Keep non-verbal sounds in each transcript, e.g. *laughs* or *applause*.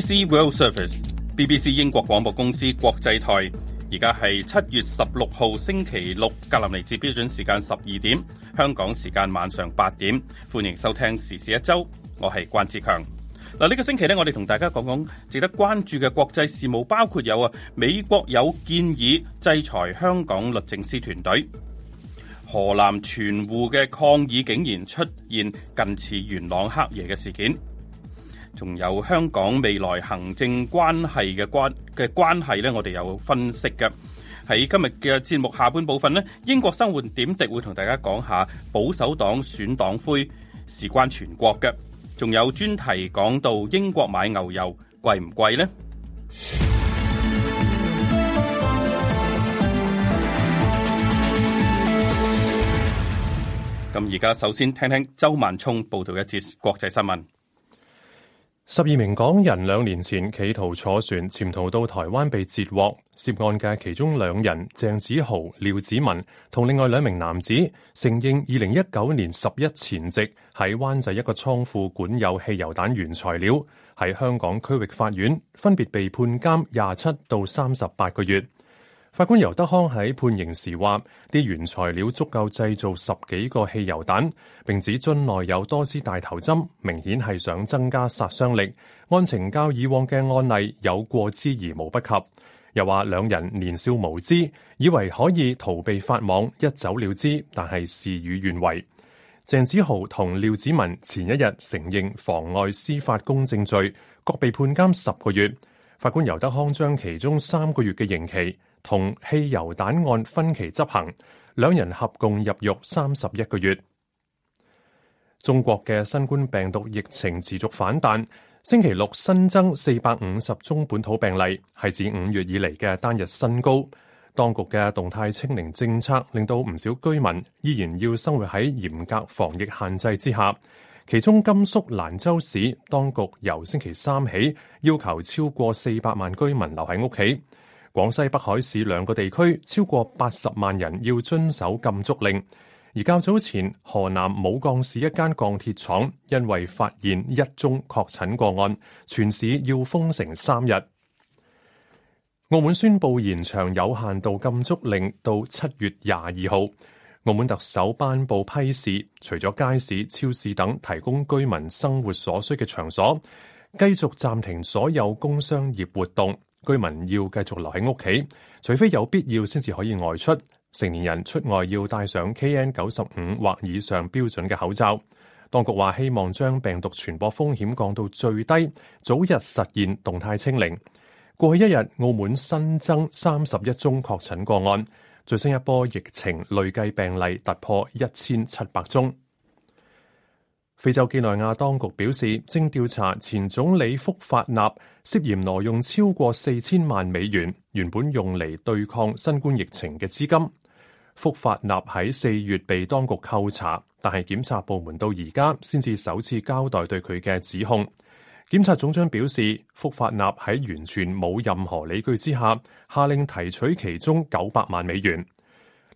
BBC World Service，BBC 英國廣播公司國際台，而家係七月十六號星期六，格林尼治標準時間十二點，香港時間晚上八點，歡迎收聽時事一周，我係關志強。嗱，呢個星期咧，我哋同大家講講值得關注嘅國際事務，包括有啊，美國有建議制裁香港律政司團隊，河南存戶嘅抗議竟然出現近似元朗黑夜嘅事件。仲有香港未來行政關係嘅關嘅關係呢，我哋有分析嘅。喺今日嘅節目下半部分呢，英國生活點滴會同大家講下保守黨選黨魁事關全國嘅。仲有專題講到英國買牛油貴唔貴呢？咁而家首先聽聽周萬聰報道一節國際新聞。十二名港人兩年前企圖坐船潛逃到台灣被截獲，涉案嘅其中兩人鄭子豪、廖子文同另外兩名男子承認二零一九年十一前夕喺灣仔一個倉庫管有汽油彈原材料，喺香港區域法院分別被判監廿七到三十八個月。法官尤德康喺判刑時話：啲原材料足夠製造十幾個汽油彈，並指樽內有多支大頭針，明顯係想增加殺傷力。案情較以往嘅案例有過之而無不及。又話兩人年少無知，以為可以逃避法網一走了之，但係事與願違。鄭子豪同廖子文前一日承認妨礙司法公正罪，各被判監十個月。法官尤德康將其中三個月嘅刑期。同汽油彈案分期執行，兩人合共入獄三十一個月。中國嘅新冠病毒疫情持續反彈，星期六新增四百五十宗本土病例，係自五月以嚟嘅單日新高。當局嘅動態清零政策令到唔少居民依然要生活喺嚴格防疫限制之下。其中，甘肅蘭州市當局由星期三起要求超過四百萬居民留喺屋企。廣西北海市兩個地區超過八十萬人要遵守禁足令，而較早前河南舞鋼市一間鋼鐵廠因為發現一宗確診個案，全市要封城三日。澳門宣布延長有限度禁足令到七月廿二號。澳門特首頒布批示，除咗街市、超市等提供居民生活所需嘅場所，繼續暫停所有工商業活動。居民要繼續留喺屋企，除非有必要，先至可以外出。成年人出外要戴上 KN 九十五或以上標準嘅口罩。當局話希望將病毒傳播風險降到最低，早日實現動態清零。過去一日，澳門新增三十一宗確診個案，最新一波疫情累計病例突破一千七百宗。非洲幾內亞當局表示，正調查前總理福法納涉嫌挪用超過四千萬美元，原本用嚟對抗新冠疫情嘅資金。福法納喺四月被當局扣查，但係檢察部門到而家先至首次交代對佢嘅指控。檢察總長表示，福法納喺完全冇任何理據之下，下令提取其中九百萬美元。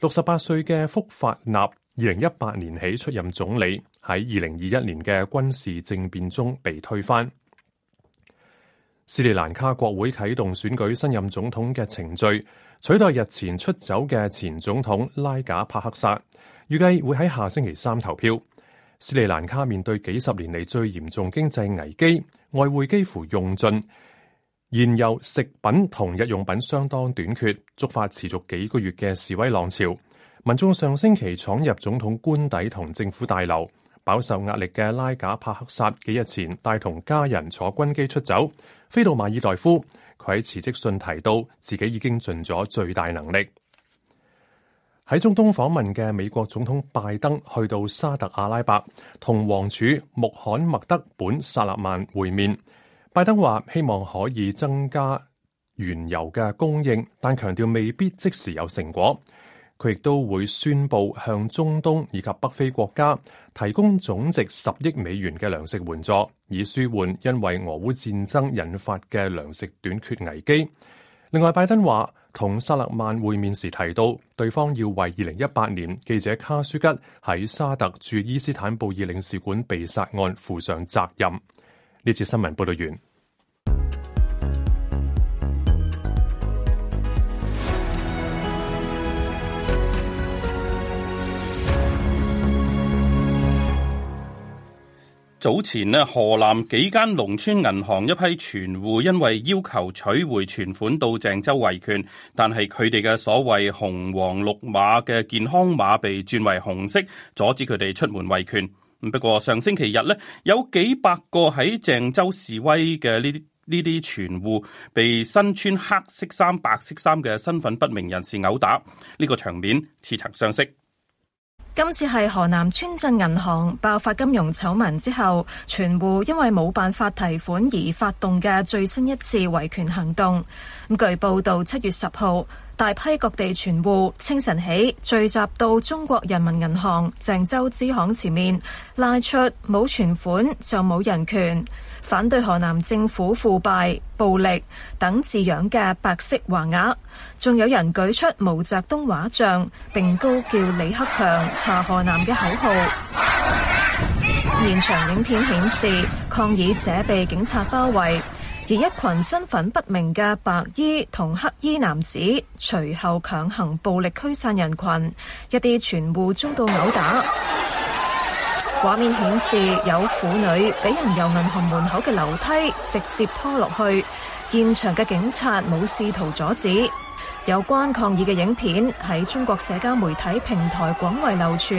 六十八歲嘅福法納，二零一八年起出任總理，喺二零二一年嘅軍事政變中被推翻。斯里蘭卡國會啟動選舉新任總統嘅程序，取代日前出走嘅前總統拉賈帕克薩，預計會喺下星期三投票。斯里蘭卡面對幾十年嚟最嚴重經濟危機，外匯幾乎用盡，燃油、食品同日用品相當短缺，觸發持續幾個月嘅示威浪潮。民眾上星期闖入總統官邸同政府大樓。飽受壓力嘅拉賈帕克薩幾日前帶同家人坐軍機出走，飛到馬爾代夫。佢喺辭職信提到，自己已經盡咗最大能力。喺中東訪問嘅美國總統拜登去到沙特阿拉伯，同王儲穆罕默德本薩勒曼會面。拜登話希望可以增加原油嘅供應，但強調未必即時有成果。佢亦都會宣布向中東以及北非國家。提供總值十億美元嘅糧食援助，以舒緩因為俄烏戰爭引發嘅糧食短缺危機。另外，拜登話同薩勒曼會面時提到，對方要為二零一八年記者卡舒吉喺沙特駐伊斯坦布爾領事館被殺案負上責任。呢次新聞報導完。早前呢，河南幾間農村銀行一批存戶因為要求取回存款到鄭州維權，但係佢哋嘅所謂紅黃綠碼嘅健康碼被轉為紅色，阻止佢哋出門維權。不過上星期日呢，有幾百個喺鄭州示威嘅呢啲呢啲存戶被身穿黑色衫、白色衫嘅身份不明人士毆打，呢、這個場面似曾相識。今次係河南村鎮銀行爆發金融醜聞之後，存戶因為冇辦法提款而發動嘅最新一次維權行動。咁據報道，七月十號，大批各地存戶清晨起聚集到中國人民銀行鄭州支行前面，拉出冇存款就冇人權，反對河南政府腐敗、暴力等字樣嘅白色橫額，仲有人舉出毛澤東畫像，並高叫李克強查河南嘅口號。 *laughs* 現場影片顯示，抗議者被警察包圍，而一群身份不明嘅白衣同黑衣男子隨後強行暴力驅散人群，一啲存戶遭到毆打。畫面顯示有婦女俾人由銀行門口嘅樓梯直接拖落去，現場嘅警察冇試圖阻止。有關抗議嘅影片喺中國社交媒體平台廣為流傳，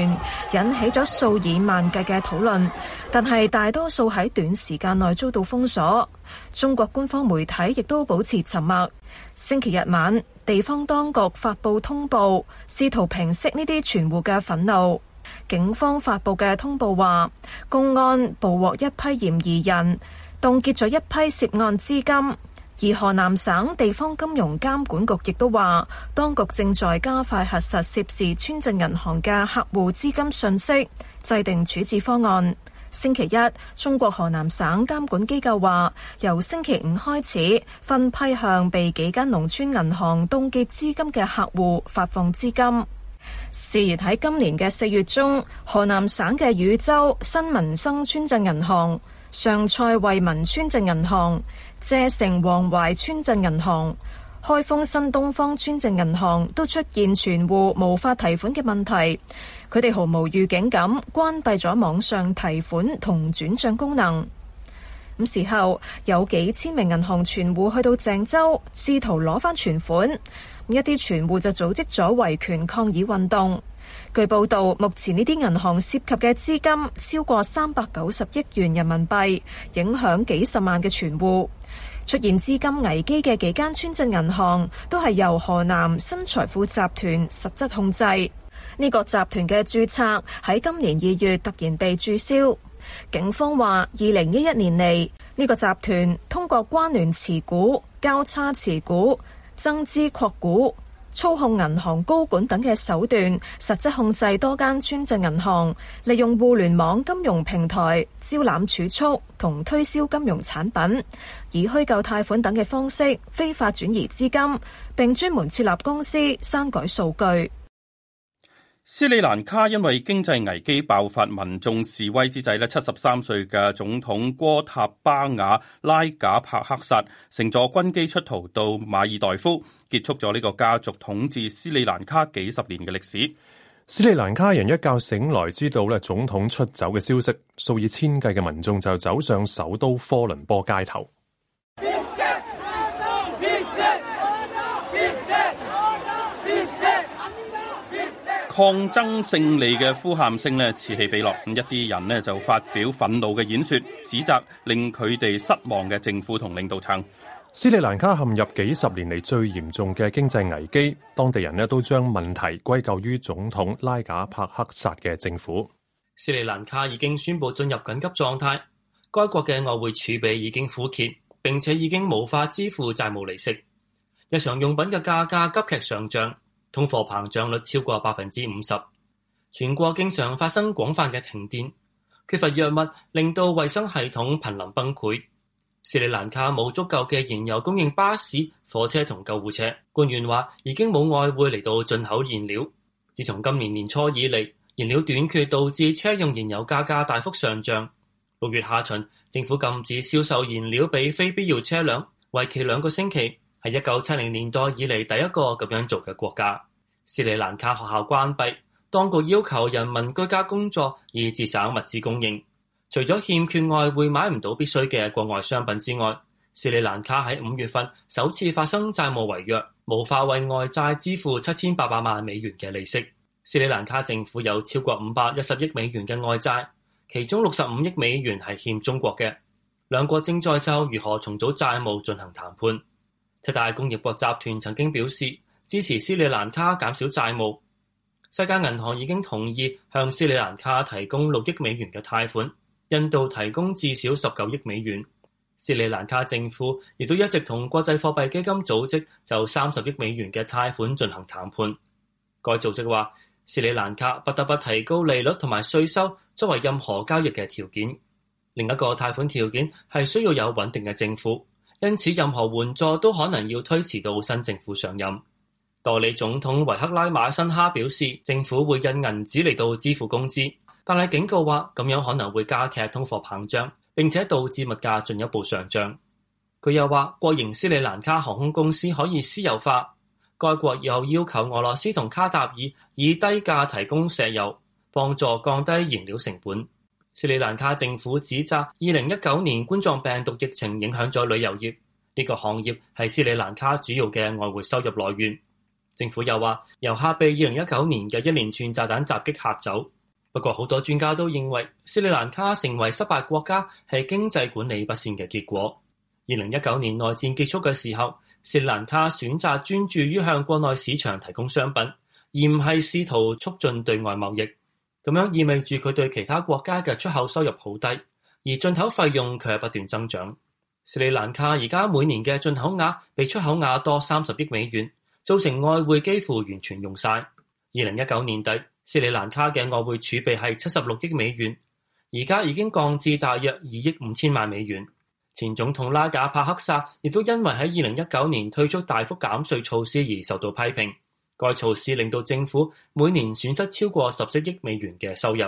引起咗數以萬計嘅討論，但係大多數喺短時間內遭到封鎖。中國官方媒體亦都保持沉默。星期日晚，地方當局發布通報，試圖平息呢啲存戶嘅憤怒。警方發布嘅通報話，公安捕獲一批嫌疑人，凍結咗一批涉案資金。而河南省地方金融監管局亦都話，當局正在加快核實涉事村鎮銀行嘅客戶資金信息，制定處置方案。星期一，中國河南省監管機構話，由星期五開始，分批向被幾間農村銀行凍結資金嘅客戶發放資金。事緣喺今年嘅四月中，河南省嘅禹州新民生村鎮銀行、上蔡惠民村鎮銀行、謝城黃淮村鎮銀行、開封新東方村鎮銀行都出現存戶無法提款嘅問題，佢哋毫無預警咁關閉咗網上提款同轉賬功能。咁事後，有幾千名銀行存戶去到鄭州，試圖攞翻存款。一啲存戶就組織咗維權抗議運動。據報道，目前呢啲銀行涉及嘅資金超過三百九十億元人民幣，影響幾十萬嘅存戶。出現資金危機嘅幾間村鎮銀行，都係由河南新財富集團實質控制。呢個集團嘅注冊喺今年二月突然被注銷。警方話，二零一一年嚟，呢個集團通過關聯持股、交叉持股。增資擴股、操控銀行高管等嘅手段，實質控制多間村鎮銀行，利用互聯網金融平台招攬儲蓄同推銷金融產品，以虛構貸款等嘅方式非法轉移資金，並專門設立公司刪改數據。斯里蘭卡因為經濟危機爆發，民眾示威之際咧，七十三歲嘅總統戈塔巴雅拉賈帕克薩乘坐軍機出逃到馬爾代夫，結束咗呢個家族統治斯里蘭卡幾十年嘅歷史。斯里蘭卡人一覺醒來，知道咧總統出走嘅消息，數以千計嘅民眾就走上首都科倫坡街頭。抗爭勝利嘅呼喊聲呢，此起彼落，咁一啲人呢，就發表憤怒嘅演說，指責令佢哋失望嘅政府同領導層。斯里蘭卡陷入幾十年嚟最嚴重嘅經濟危機，當地人呢，都將問題歸咎於總統拉賈帕克薩嘅政府。斯里蘭卡已經宣布進入緊急狀態，該國嘅外匯儲備已經枯竭，並且已經無法支付債務利息，日常用品嘅價格急劇上漲。通貨膨脹率超過百分之五十，全國經常發生廣泛嘅停電，缺乏藥物令到衛生系統瀕臨崩潰。斯里蘭卡冇足夠嘅燃油供應巴士、火車同救護車。官員話已經冇外匯嚟到進口燃料。自從今年年初以嚟，燃料短缺導致車用燃油價格大幅上漲。六月下旬，政府禁止銷售燃料俾非必要車輛，為期兩個星期。係一九七零年代以嚟第一個咁樣做嘅國家。斯里蘭卡學校關閉，當局要求人民居家工作，以節省物資供應。除咗欠缺外匯買唔到必須嘅國外商品之外，斯里蘭卡喺五月份首次發生債務違約，無法為外債支付七千八百萬美元嘅利息。斯里蘭卡政府有超過五百一十億美元嘅外債，其中六十五億美元係欠中國嘅，兩國正在就如何重組債務進行談判。七大工業國集團曾經表示支持斯里蘭卡減少債務。世界銀行已經同意向斯里蘭卡提供六億美元嘅貸款，印度提供至少十九億美元。斯里蘭卡政府亦都一直同國際貨幣基金組織就三十億美元嘅貸款進行談判。該組織話，斯里蘭卡不得不提高利率同埋稅收作為任何交易嘅條件。另一個貸款條件係需要有穩定嘅政府。因此，任何援助都可能要推遲到新政府上任。代理總統維克拉馬辛哈表示，政府會印銀紙嚟到支付工資，但係警告話咁樣可能會加劇通貨膨脹，並且導致物價進一步上漲，佢又話國營斯里蘭卡航空公司可以私有化，該國又要求俄羅斯同卡塔爾以低價提供石油，幫助降低燃料成本。斯里蘭卡政府指責，二零一九年冠狀病毒疫情影響咗旅遊業，呢個行業係斯里蘭卡主要嘅外匯收入來源。政府又話，遊客被二零一九年嘅一連串炸彈襲擊嚇走。不過，好多專家都認為，斯里蘭卡成為失敗國家係經濟管理不善嘅結果。二零一九年內戰結束嘅時候，斯里蘭卡選擇專注於向國內市場提供商品，而唔係試圖促進對外貿易。咁樣意味住佢對其他國家嘅出口收入好低，而進口費用卻係不斷增長。斯里蘭卡而家每年嘅進口額比出口額多三十億美元，造成外匯幾乎完全用晒。二零一九年底，斯里蘭卡嘅外匯儲備係七十六億美元，而家已經降至大約二億五千萬美元。前總統拉賈帕克薩亦都因為喺二零一九年推出大幅減稅措施而受到批評。該措施令到政府每年損失超過十四億美元嘅收入。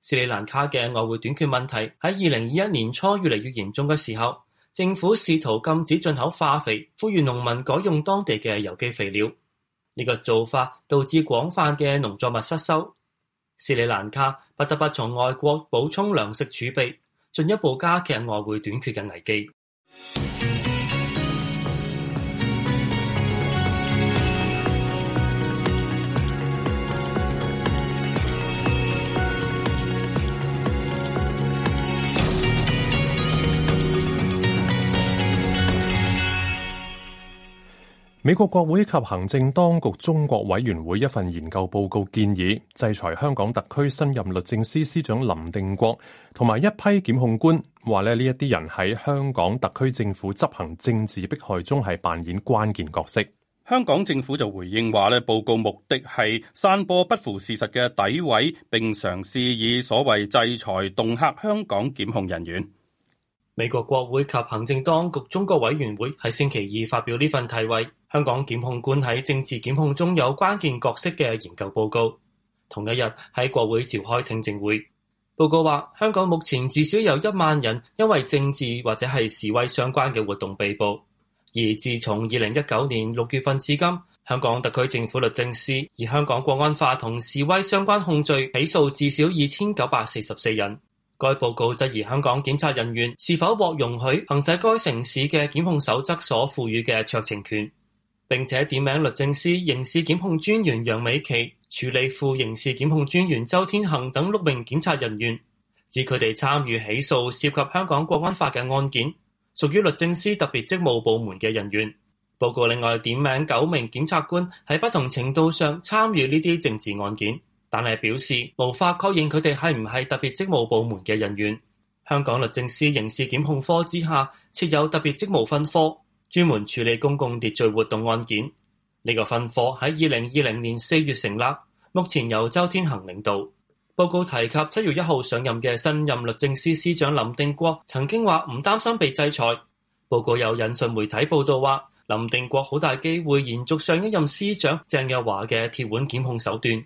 斯里蘭卡嘅外匯短缺問題喺二零二一年初越嚟越嚴重嘅時候，政府試圖禁止進口化肥，呼籲農民改用當地嘅有機肥料。呢個做法導致廣泛嘅農作物失收。斯里蘭卡不得不從外國補充糧食儲備，進一步加劇外匯短缺嘅危機。美國國會及行政當局中國委員會一份研究報告建議制裁香港特區新任律政司司長林定國同埋一批檢控官，話咧呢一啲人喺香港特區政府執行政治迫害中係扮演關鍵角色。香港政府就回應話咧，報告目的係散播不符事實嘅詆毀，並嘗試以所謂制裁恫嚇香港檢控人員。美國國會及行政當局中國委員會喺星期二發表呢份題為《香港檢控官喺政治檢控中有關鍵角色嘅研究報告》。同一日喺國會召開聽證會，報告話香港目前至少有一萬人因為政治或者係示威相關嘅活動被捕，而自從二零一九年六月份至今，香港特區政府律政司以香港國安法同示威相關控罪起訴至少二千九百四十四人。該報告質疑香港檢察人員是否獲容許行使該城市嘅檢控守則所賦予嘅酌情權，並且點名律政司刑事檢控專員楊美琪、處理副刑事檢控專員周天恆等六名檢察人員，指佢哋參與起訴涉及香港國安法嘅案件，屬於律政司特別職務部門嘅人員。報告另外點名九名檢察官喺不同程度上參與呢啲政治案件。但係表示無法確認佢哋係唔係特別職務部門嘅人員，香港律政司刑事檢控科之下設有特別職務分科，專門處理公共秩序活動案件。呢、這個分科喺二零二零年四月成立，目前由周天行領導。報告提及七月一號上任嘅新任律政司司長林定國曾經話唔擔心被制裁。報告有引述媒體報道話，林定國好大機會延續上一任司長鄭若驊嘅鐵腕檢控手段。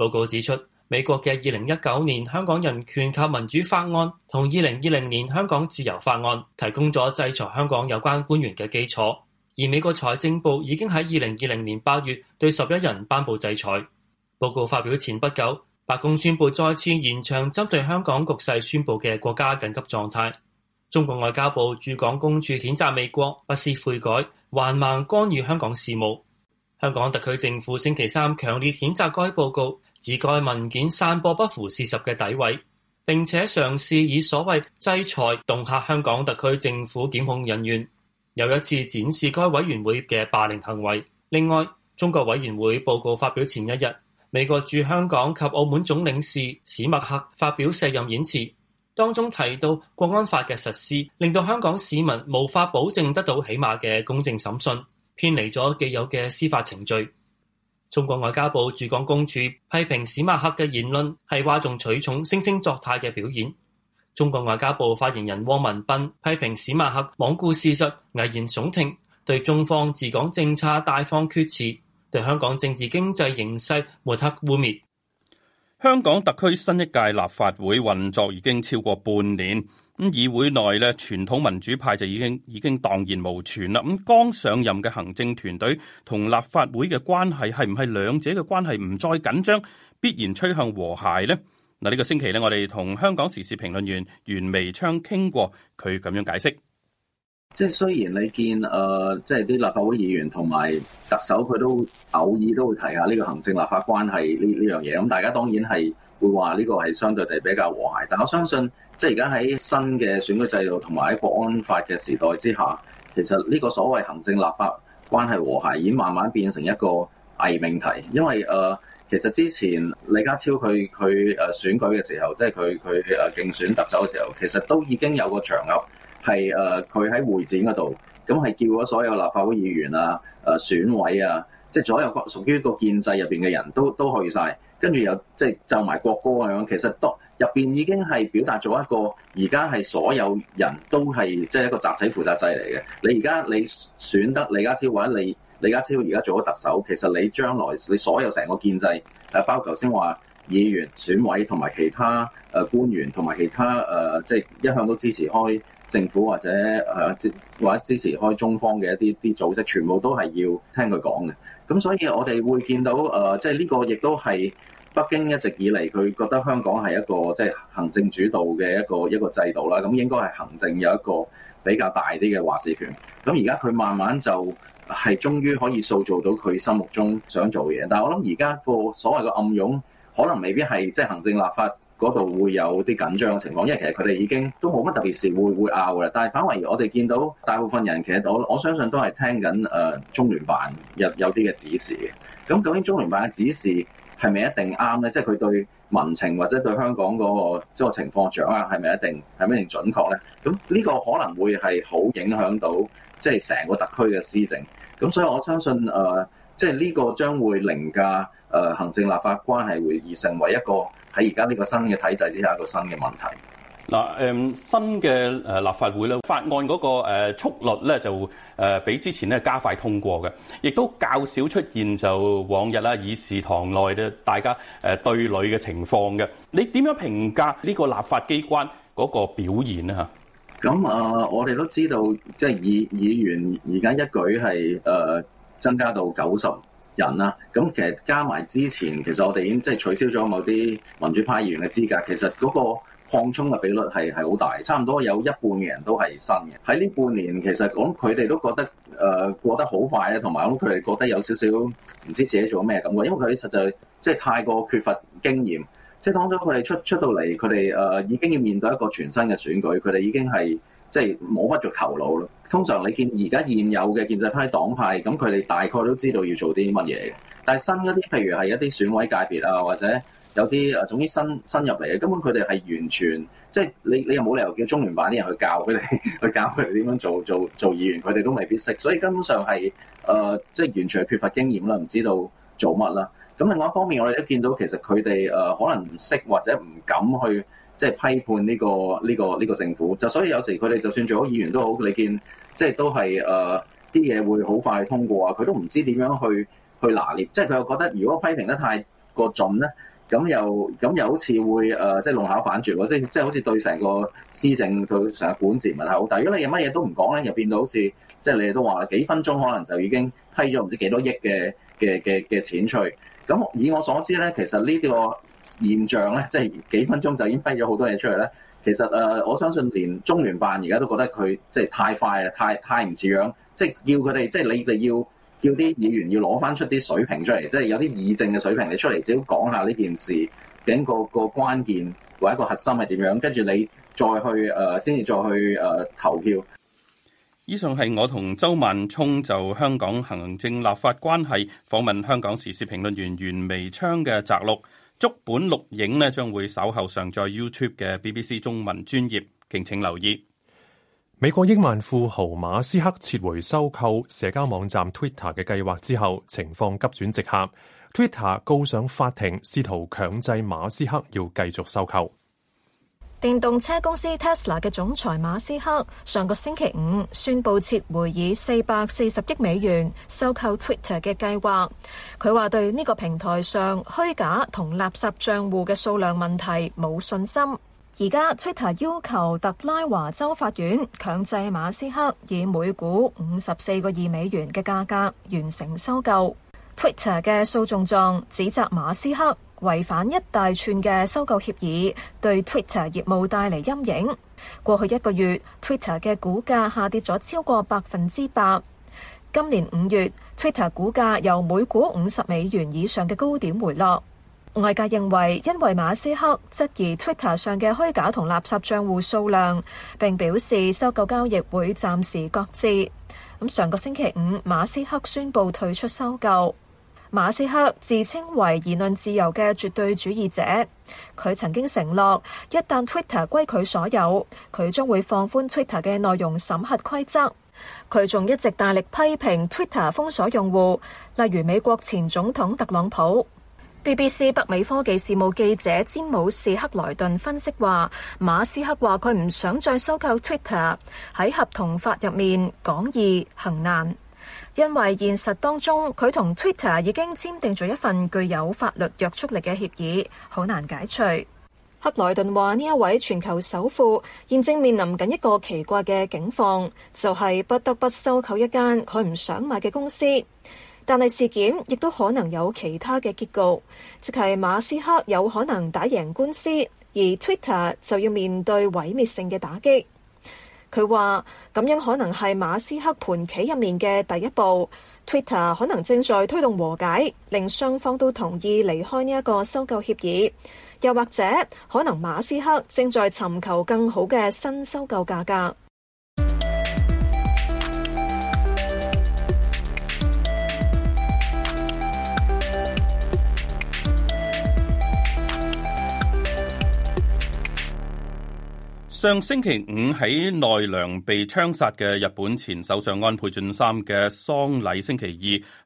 報告指出，美國嘅二零一九年《香港人權及民主法案》同二零二零年《香港自由法案》提供咗制裁香港有關官員嘅基礎，而美國財政部已經喺二零二零年八月對十一人頒布制裁。報告發表前不久，白宮宣布再次延長針對香港局勢宣布嘅國家緊急狀態。中國外交部駐港公署譴責美國不思悔改，橫蠻干預香港事務。香港特區政府星期三強烈譴責該報告。自該文件散播不符事實嘅詆毀，並且嘗試以所謂制裁恫嚇香港特區政府檢控人員，又一次展示該委員會嘅霸凌行為。另外，中國委員會報告發表前一日，美國駐香港及澳門總領事史麥克發表卸任演詞，當中提到國安法嘅實施令到香港市民無法保證得到起碼嘅公正審訊，偏離咗既有嘅司法程序。中國外交部駐港公署批評史馬克嘅言論係嘩眾取寵、惺惺作態嘅表演。中國外交部發言人汪文斌批評史馬克罔顧事實、危言聳聽，對中方治港政策大放厥詞，對香港政治經濟形勢抹黑污蔑。香港特區新一屆立法會運作已經超過半年。咁議會內咧，傳統民主派就已經已經蕩然無存啦。咁剛上任嘅行政團隊同立法會嘅關係係唔係兩者嘅關係唔再緊張，必然趨向和諧呢？嗱，呢個星期咧，我哋同香港時事評論員袁彌昌傾過，佢咁樣解釋，即係雖然你見誒、呃，即係啲立法會議員同埋特首佢都偶爾都會提下呢個行政立法關係呢呢樣嘢，咁大家當然係。會話呢個係相對地比較和諧，但我相信即係而家喺新嘅選舉制度同埋喺國安法嘅時代之下，其實呢個所謂行政立法關係和諧已經慢慢變成一個偽命題，因為誒、呃、其實之前李家超佢佢誒選舉嘅時候，即係佢佢誒競選特首嘅時候，其實都已經有個場合，係誒佢喺會展嗰度，咁係叫咗所有立法會議員啊、誒選委啊，即係所有屬於個建制入邊嘅人都都去晒。跟住又即係奏埋國歌咁樣，其實都入邊已經係表達咗一個而家係所有人都係即係一個集體負責制嚟嘅。你而家你選得李家超或者你李家超而家做咗特首，其實你將來你所有成個建制，誒，包括頭先話議員選委同埋其他誒官員同埋其他誒即係一向都支持開。政府或者誒或者支持開中方嘅一啲啲組織，全部都係要聽佢講嘅。咁所以我哋會見到誒，即係呢個亦都係北京一直以嚟，佢覺得香港係一個即係行政主導嘅一個一個制度啦。咁應該係行政有一個比較大啲嘅話事權，咁而家佢慢慢就係終於可以塑造到佢心目中想做嘢。但係我諗而家個所謂嘅暗湧，可能未必係即係行政立法。嗰度會有啲緊張嘅情況，因為其實佢哋已經都冇乜特別事會會拗嘅。但係反而我哋見到大部分人其實我我相信都係聽緊誒中聯辦有有啲嘅指示嘅。咁究竟中聯辦嘅指示係咪一定啱咧？即係佢對民情或者對香港嗰個即係情況掌握係咪一定係咪一定準確咧？咁呢個可能會係好影響到即係成個特區嘅施政。咁所以我相信誒，即係呢個將會凌駕。誒行政立法關係會而成為一個喺而家呢個新嘅體制之下一個新嘅問題。嗱，誒新嘅誒立法會咧，法案嗰個誒速率咧，就誒比之前咧加快通過嘅，亦都較少出現就往日啦議事堂內嘅大家誒對壘嘅情況嘅。你點樣評價呢個立法機關嗰個表現啊？咁啊、嗯呃，我哋都知道即係議議員而家一舉係誒、呃、增加到九十。人啦、啊，咁其實加埋之前，其實我哋已經即係取消咗某啲民主派議員嘅資格，其實嗰個擴充嘅比率係係好大，差唔多有一半嘅人都係新嘅。喺呢半年，其實講佢哋都覺得誒過得好快啊，同埋講佢哋覺得有少少唔知自己做咗咩咁嘅，因為佢哋實在即係太過缺乏經驗，即係當咗佢哋出出到嚟，佢哋誒已經要面對一個全新嘅選舉，佢哋已經係即係冇乜做頭腦咯。通常你見而家現有嘅建制派黨派，咁佢哋大概都知道要做啲乜嘢嘅。但係新一啲，譬如係一啲選委界別啊，或者有啲啊，總之新新入嚟嘅，根本佢哋係完全即係、就是、你你又冇理由叫中聯辦啲人去教佢哋，去教佢哋點樣做做做議員，佢哋都未必識，所以根本上係誒即係完全係缺乏經驗啦，唔知道做乜啦。咁另外一方面，我哋都見到其實佢哋誒可能唔識或者唔敢去。即係批判呢個呢個呢個政府，就所以有時佢哋就算做咗議員都好，你見即係都係誒啲嘢會好快通過啊！佢都唔知點樣去去拿捏，即係佢又覺得如果批評得太過盡咧，咁又咁又好似會誒即係弄巧反拙，即係即係好似對成個施政對成日管治唔係好大。如果你乜嘢都唔講咧，又變到好似即係你哋都話啦，幾分鐘可能就已經批咗唔知幾多億嘅嘅嘅嘅錢出去。咁以我所知咧，其實呢個。現象咧，即係幾分鐘就已經逼咗好多嘢出嚟咧。其實誒，我相信連中聯辦而家都覺得佢即係太快啦，太太唔似樣。即係叫佢哋，即係你哋要叫啲議員要攞翻出啲水平出嚟，即係有啲議政嘅水平你出嚟，至少講下呢件事，整個個關鍵或者個核心係點樣，跟住你再去誒，先、呃、至再去誒、呃呃、投票。以上係我同周萬聰就香港行政立法關係訪問香港時事評論員袁彌昌嘅摘錄。足本錄影咧，將會稍後上載 YouTube 嘅 BBC 中文專頁，敬請留意。美國億萬富豪馬斯克撤回收購社交網站 Twitter 嘅計劃之後，情況急轉直下，Twitter 告上法庭，試圖強制馬斯克要繼續收購。電動車公司 Tesla 嘅總裁馬斯克上個星期五宣布撤回以四百四十億美元收購 Twitter 嘅計劃。佢話對呢個平台上虛假同垃圾賬戶嘅數量問題冇信心。而家 Twitter 要求特拉華州法院強制馬斯克以每股五十四個二美元嘅價格完成收購。Twitter 嘅訴訟狀指責馬斯克。違反一大串嘅收購協議，對 Twitter 業務帶嚟陰影。過去一個月，Twitter 嘅股價下跌咗超過百分之八。今年五月，Twitter 股價由每股五十美元以上嘅高點回落。外界認為，因為馬斯克質疑 Twitter 上嘅虛假同垃圾帳戶數量，並表示收購交易會暫時擱置。咁上個星期五，馬斯克宣布退出收購。馬斯克自稱為言論自由嘅絕對主義者，佢曾經承諾一旦 Twitter 歸佢所有，佢將會放寬 Twitter 嘅內容審核規則。佢仲一直大力批評 Twitter 封鎖用戶，例如美國前總統特朗普。BBC 北美科技事務記者詹姆士克萊頓分析話，馬斯克話佢唔想再收購 Twitter，喺合同法入面講易行難。因為現實當中，佢同 Twitter 已經簽訂咗一份具有法律約束力嘅協議，好難解除。克萊頓話呢一位全球首富現正面臨緊一個奇怪嘅境況，就係不得不收購一間佢唔想買嘅公司。但係事件亦都可能有其他嘅結局，即係馬斯克有可能打贏官司，而 Twitter 就要面對毀滅性嘅打擊。佢話：咁樣可能係馬斯克盤棋入面嘅第一步，Twitter 可能正在推動和解，令雙方都同意離開呢一個收購協議，又或者可能馬斯克正在尋求更好嘅新收購價格。上星期五喺奈良被槍殺嘅日本前首相安倍晉三嘅喪禮，星期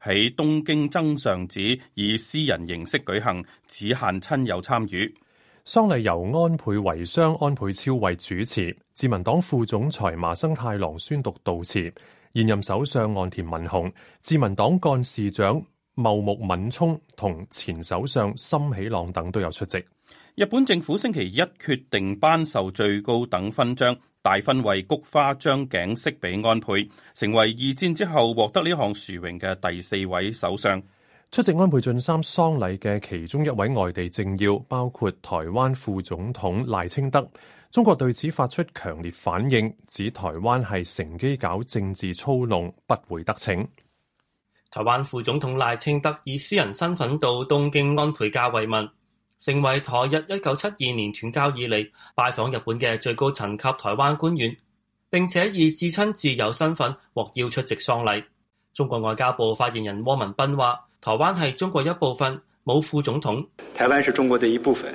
二喺東京增上寺以私人形式舉行，只限親友參與。喪禮由安倍遺孀、安倍昭惠主持，自民黨副總裁麻生太郎宣讀悼詞，現任首相岸田文雄、自民黨幹事長茂木敏充同前首相森喜朗等都有出席。日本政府星期一決定頒授最高等勳章，大勳位菊花章頸飾俾安倍，成為二戰之後獲得呢項殊榮嘅第四位首相。出席安倍晉三喪禮嘅其中一位外地政要，包括台灣副總統賴清德。中國對此發出強烈反應，指台灣係乘機搞政治操弄，不會得逞。台灣副總統賴清德以私人身份到東京安倍家慰問，成為台日一九七二年斷交以嚟拜訪日本嘅最高層級台灣官員，並且以至親自由身份獲邀出席喪禮。中國外交部發言人汪文斌話：台灣係中國一部分，冇副總統。台灣是中國的一部分，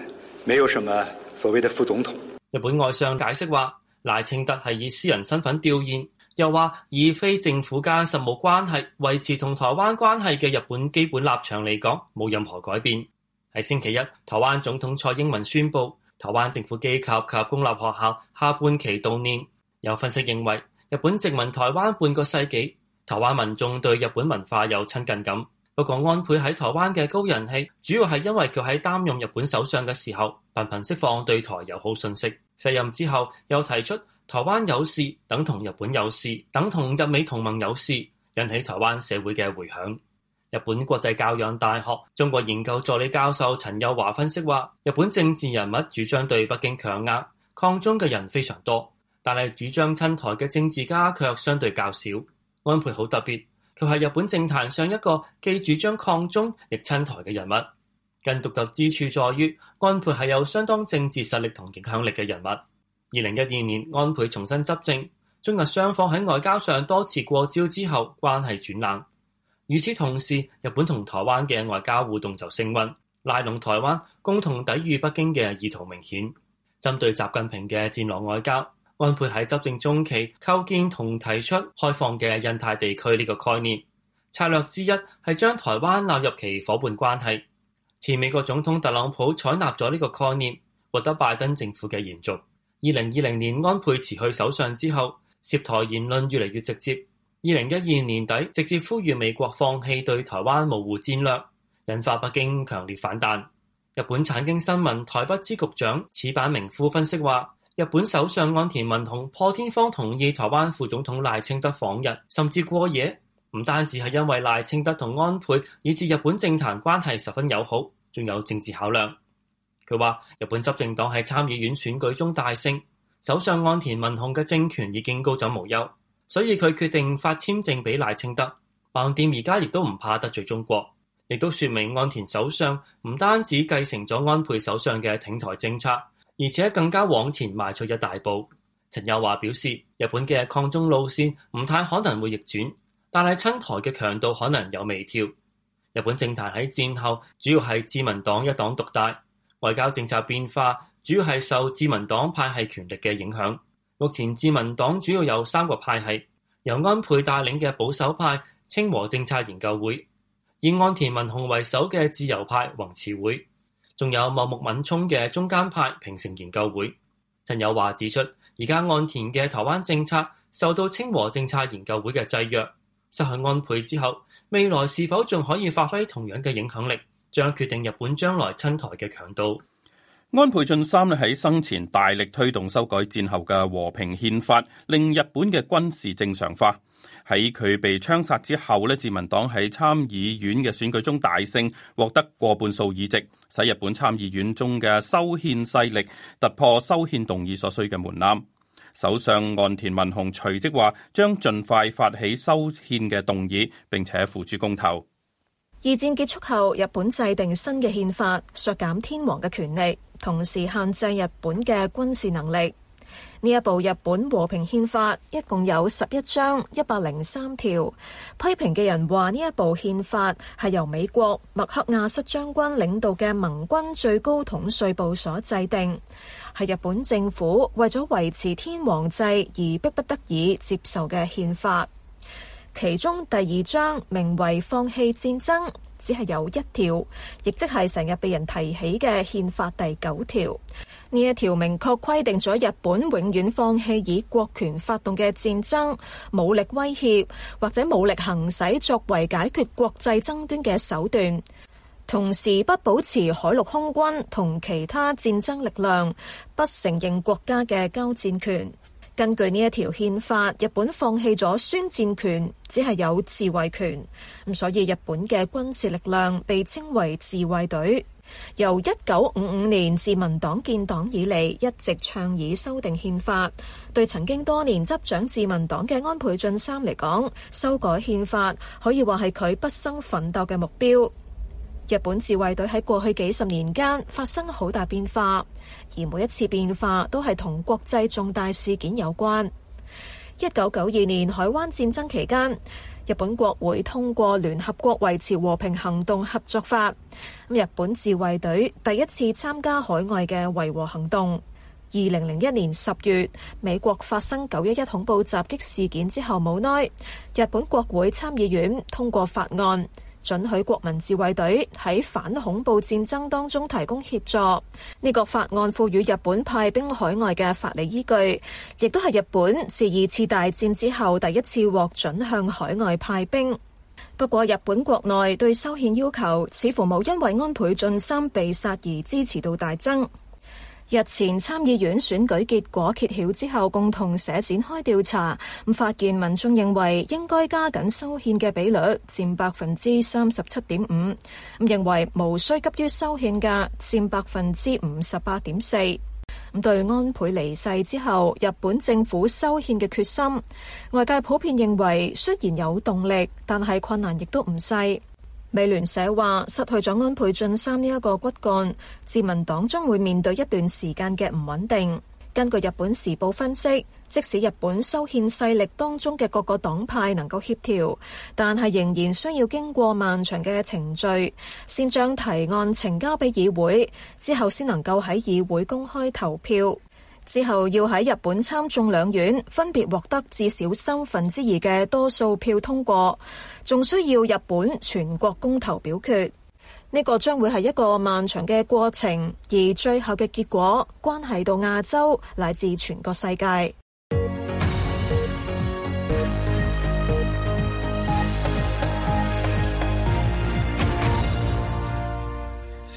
沒有什麼所謂的副總統。日本外相解釋話，賴清德係以私人身份吊唁，又話以非政府間實務關係維持同台灣關係嘅日本基本立場嚟講，冇任何改變。喺星期一，台灣總統蔡英文宣布，台灣政府機構及，及公立學校下半旗悼念。有分析認為，日本殖民台灣半個世紀，台灣民眾對日本文化有親近感。不過，安倍喺台灣嘅高人氣，主要係因為佢喺擔任日本首相嘅時候，頻頻釋放對台友好信息。卸任之後，又提出台灣有事等同日本有事，等同日美同盟有事，引起台灣社會嘅迴響。日本國際教養大學中國研究助理教授陳友華分析話：日本政治人物主張對北京強壓抗中嘅人非常多，但係主張親台嘅政治家卻相對較少。安倍好特別，佢係日本政壇上一個既主張抗中亦親台嘅人物。更獨特之處在於，安倍係有相當政治實力同影響力嘅人物。二零一二年，安倍重新執政，中日雙方喺外交上多次過招之後，關係轉冷。與此同時，日本同台灣嘅外交互動就升溫，拉攏台灣共同抵禦北京嘅意圖明顯。針對習近平嘅戰狼外交，安倍喺執政中期構建同提出開放嘅印太地區呢個概念，策略之一係將台灣納入其伙伴關係。前美國總統特朗普採納咗呢個概念，獲得拜登政府嘅延續。二零二零年安倍辭去首相之後，涉台言論越嚟越直接。二零一二年底，直接呼籲美國放棄對台灣模糊戰略，引發北京強烈反彈。日本產經新聞台北支局長此板明夫分析話，日本首相岸田文雄破天荒同意台灣副總統賴清德訪日，甚至過夜。唔單止係因為賴清德同安倍以至日本政壇關係十分友好，仲有政治考量。佢話日本執政黨喺參議院選舉中大勝，首相岸田文雄嘅政權已經高枕無憂。所以佢決定發簽證俾賴清德，橫掂而家亦都唔怕得罪中國，亦都説明岸田首相唔單止繼承咗安倍首相嘅挺台政策，而且更加往前邁出一大步。陳友華表示，日本嘅抗中路線唔太可能會逆轉，但係親台嘅強度可能有微調。日本政壇喺戰後主要係自民黨一黨獨大，外交政策變化主要係受自民黨派系權力嘅影響。目前自民黨主要有三個派系，由安倍帶領嘅保守派清和政策研究會，以岸田文雄為首嘅自由派宏池會，仲有茂木敏充嘅中間派平成研究會。陳友華指出，而家岸田嘅台灣政策受到清和政策研究會嘅制約，失去安倍之後，未來是否仲可以發揮同樣嘅影響力，將決定日本將來親台嘅強度。安倍晉三喺生前大力推動修改戰後嘅和平憲法，令日本嘅軍事正常化。喺佢被槍殺之後咧，自民黨喺參議院嘅選舉中大勝，獲得過半數議席，使日本參議院中嘅修憲勢力突破修憲動議所需嘅門檻。首相岸田文雄隨即話，將盡快發起修憲嘅動議，並且付諸公投。二戰結束後，日本制定新嘅憲法，削減天皇嘅權力，同時限制日本嘅軍事能力。呢一部日本和平憲法一共有十一章一百零三條。批評嘅人話呢一部憲法係由美國麥克亞瑟將軍領導嘅盟軍最高統帥部所制定，係日本政府為咗維持天皇制而迫不得已接受嘅憲法。其中第二章名為放棄戰爭，只係有一條，亦即係成日被人提起嘅憲法第九條。呢一條明確規定咗日本永遠放棄以國權發動嘅戰爭、武力威脅或者武力行使作為解決國際爭端嘅手段，同時不保持海陸空軍同其他戰爭力量，不承認國家嘅交戰權。根據呢一條憲法，日本放棄咗宣戰權，只係有自衛權。咁所以日本嘅軍事力量被稱為自衛隊。由一九五五年自民黨建黨以嚟，一直倡議修訂憲法。對曾經多年執掌自民黨嘅安倍晉三嚟講，修改憲法可以話係佢畢生奮鬥嘅目標。日本自衛隊喺過去幾十年間發生好大變化，而每一次變化都係同國際重大事件有關。一九九二年海灣戰爭期間，日本國會通過《聯合國維持和平行動合作法》，日本自衛隊第一次參加海外嘅維和行動。二零零一年十月，美國發生九一一恐怖襲擊事件之後，冇耐日本國會參議院通過法案。准許國民自衛隊喺反恐怖戰爭當中提供協助，呢個法案賦予日本派兵海外嘅法理依據，亦都係日本自二次大戰之後第一次獲准向海外派兵。不過，日本國內對修憲要求似乎冇因為安倍晉三被殺而支持度大增。日前參議院選舉結果揭曉之後，共同社展開調查，咁發現民眾認為應該加緊修憲嘅比率佔百分之三十七點五，咁認為無需急於修憲嘅佔百分之五十八點四，咁對安倍離世之後日本政府修憲嘅決心，外界普遍認為雖然有動力，但係困難亦都唔細。美聯社話，失去咗安倍晉三呢一個骨幹，自民黨將會面對一段時間嘅唔穩定。根據日本時報分析，即使日本修憲勢力當中嘅各個黨派能夠協調，但係仍然需要經過漫長嘅程序，先將提案呈交俾議會，之後先能夠喺議會公開投票。之後要喺日本參眾兩院分別獲得至少三分之二嘅多數票通過，仲需要日本全國公投表決。呢、這個將會係一個漫長嘅過程，而最後嘅結果關係到亞洲乃至全個世界。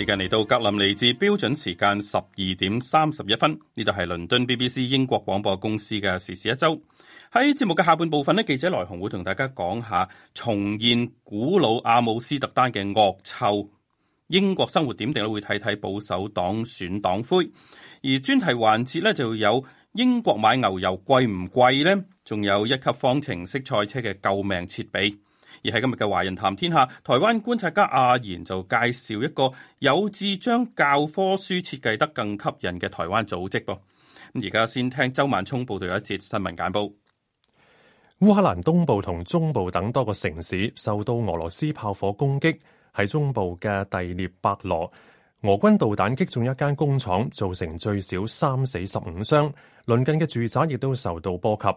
時間嚟到格林尼治，嚟自標準時間十二點三十一分，呢度係倫敦 BBC 英國廣播公司嘅時事一周。喺節目嘅下半部分呢，記者來鴻會同大家講下重現古老阿姆斯特丹嘅惡臭，英國生活點滴會睇睇保守黨選黨魁。而專題環節呢，就有英國買牛油貴唔貴呢？仲有一級方程式賽車嘅救命設備。而喺今日嘅《華人談天下》，台灣觀察家阿言就介紹一個有志將教科書設計得更吸引嘅台灣組織噃。咁而家先聽周萬聰報道有一節新聞簡報。烏克蘭東部同中部等多個城市受到俄羅斯炮火攻擊，喺中部嘅第列伯羅第聶伯羅，俄軍導彈擊中一間工廠，造成最少三死十五傷。鄰近嘅住宅亦都受到波及。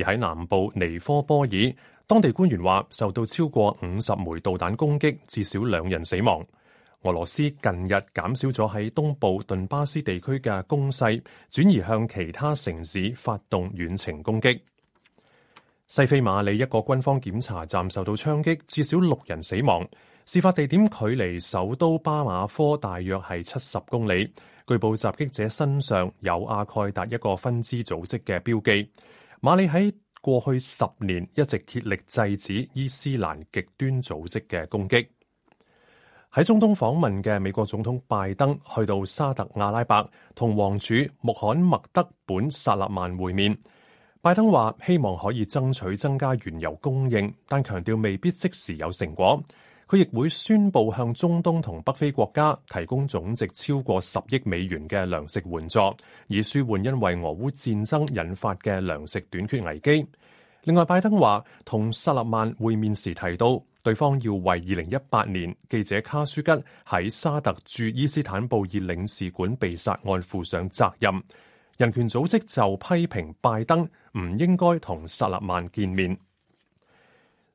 而喺南部尼科波爾。當地官員話，受到超過五十枚導彈攻擊，至少兩人死亡。俄羅斯近日減少咗喺東部頓巴斯地區嘅攻勢，轉而向其他城市發動遠程攻擊。西非馬里一個軍方檢查站受到槍擊，至少六人死亡。事發地點距離首都巴馬科大約係七十公里。據報襲擊者身上有阿蓋達一個分支組織嘅標記。馬里喺過去十年一直竭力制止伊斯蘭極端組織嘅攻擊。喺中東訪問嘅美國總統拜登去到沙特阿拉伯，同王儲穆罕默德本薩勒曼會面。拜登話希望可以爭取增加原油供應，但強調未必即時有成果。佢亦會宣布向中東同北非國家提供總值超過十億美元嘅糧食援助，以舒緩因為俄烏戰爭引發嘅糧食短缺危機。另外，拜登話同薩勒曼會面時提到，對方要為二零一八年記者卡舒吉喺沙特駐伊斯坦布爾領事館被殺案負上責任。人權組織就批評拜登唔應該同薩勒曼見面。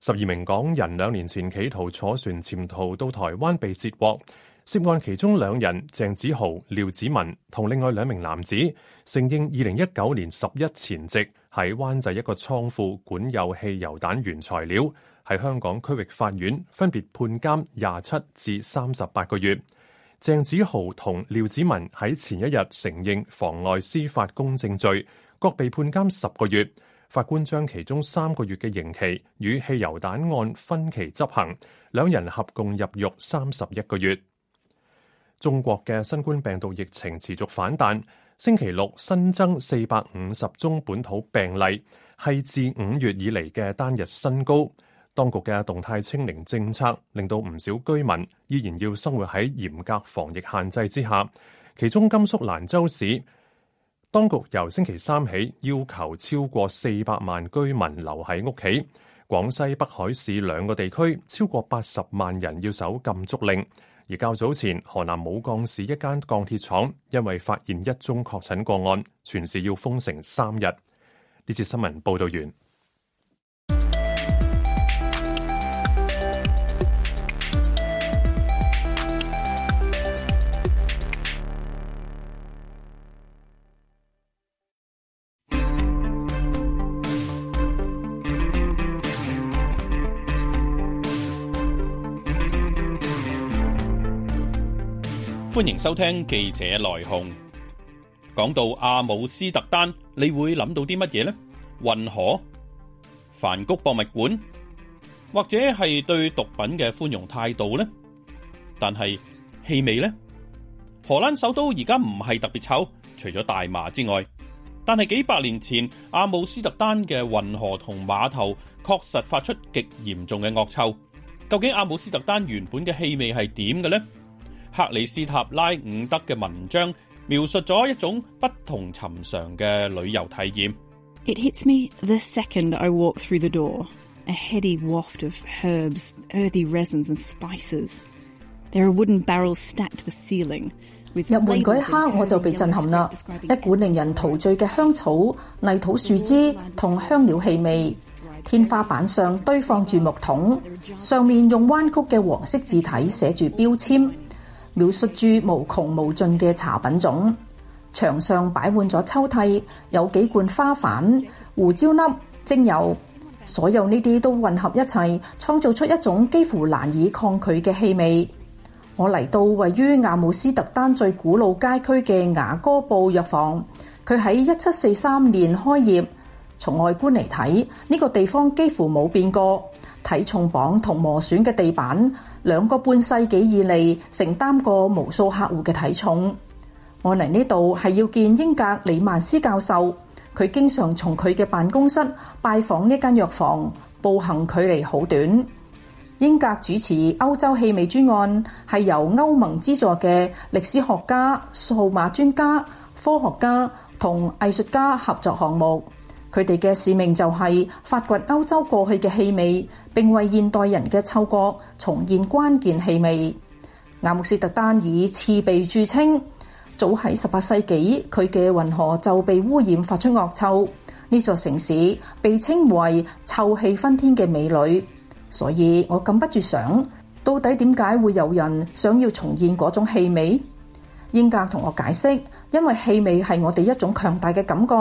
十二名港人兩年前企圖坐船潛逃到台灣被截獲，涉案其中兩人鄭子豪、廖子文同另外兩名男子承認二零一九年十一前夕喺灣仔一個倉庫管有汽油彈原材料，喺香港區域法院分別判監廿七至三十八個月。鄭子豪同廖子文喺前一日承認妨礙司法公正罪，各被判監十個月。法官將其中三個月嘅刑期與汽油彈案分期執行，兩人合共入獄三十一個月。中國嘅新冠病毒疫情持續反彈，星期六新增四百五十宗本土病例，係自五月以嚟嘅單日新高。當局嘅動態清零政策令到唔少居民依然要生活喺嚴格防疫限制之下，其中甘肅蘭州市。當局由星期三起要求超過四百萬居民留喺屋企。廣西北海市兩個地區超過八十萬人要守禁足令。而較早前河南舞鋼市一間鋼鐵廠因為發現一宗確診個案，全市要封城三日。呢次新聞報道完。歡迎收聽記者來鴻。講到阿姆斯特丹，你會諗到啲乜嘢呢？運河、梵谷博物館，或者係對毒品嘅寬容態度呢？但係氣味呢？荷蘭首都而家唔係特別臭，除咗大麻之外，但係幾百年前阿姆斯特丹嘅運河同碼頭確實發出極嚴重嘅惡臭。究竟阿姆斯特丹原本嘅氣味係點嘅呢？克里斯塔拉伍德嘅文章描述咗一種不同尋常嘅旅遊體驗。It hits me the second I walk through the door, a heady waft of herbs, earthy resins and spices. There are wooden barrels stacked to the ceiling. 入門嗰一刻我就被震撼啦，一股令人陶醉嘅香草、泥土、樹枝同香料氣味。天花板上堆放住木桶，上面用彎曲嘅黃色字體寫住標籤。描述住無窮無盡嘅茶品種，牆上擺滿咗抽屜，有幾罐花粉、胡椒粒、精油，所有呢啲都混合一齊，創造出一種幾乎難以抗拒嘅氣味。我嚟到位於阿姆斯特丹最古老街區嘅雅哥布藥房，佢喺一七四三年開業。從外觀嚟睇，呢、這個地方幾乎冇變過，體重磅同磨損嘅地板。兩個半世紀以嚟，承擔過無數客戶嘅體重。我嚟呢度係要見英格李曼斯教授，佢經常從佢嘅辦公室拜訪一間藥房，步行距離好短。英格主持歐洲氣味專案，係由歐盟資助嘅歷史學家、數碼專家、科學家同藝術家合作項目。佢哋嘅使命就係發掘歐洲過去嘅氣味，並為現代人嘅嗅覺重現關鍵氣味。阿姆斯特丹以刺鼻著稱，早喺十八世紀，佢嘅運河就被污染，發出惡臭。呢座城市被稱為臭氣熏天嘅美女，所以我禁不住想，到底點解會有人想要重現嗰種氣味？英格同我解釋，因為氣味係我哋一種強大嘅感覺。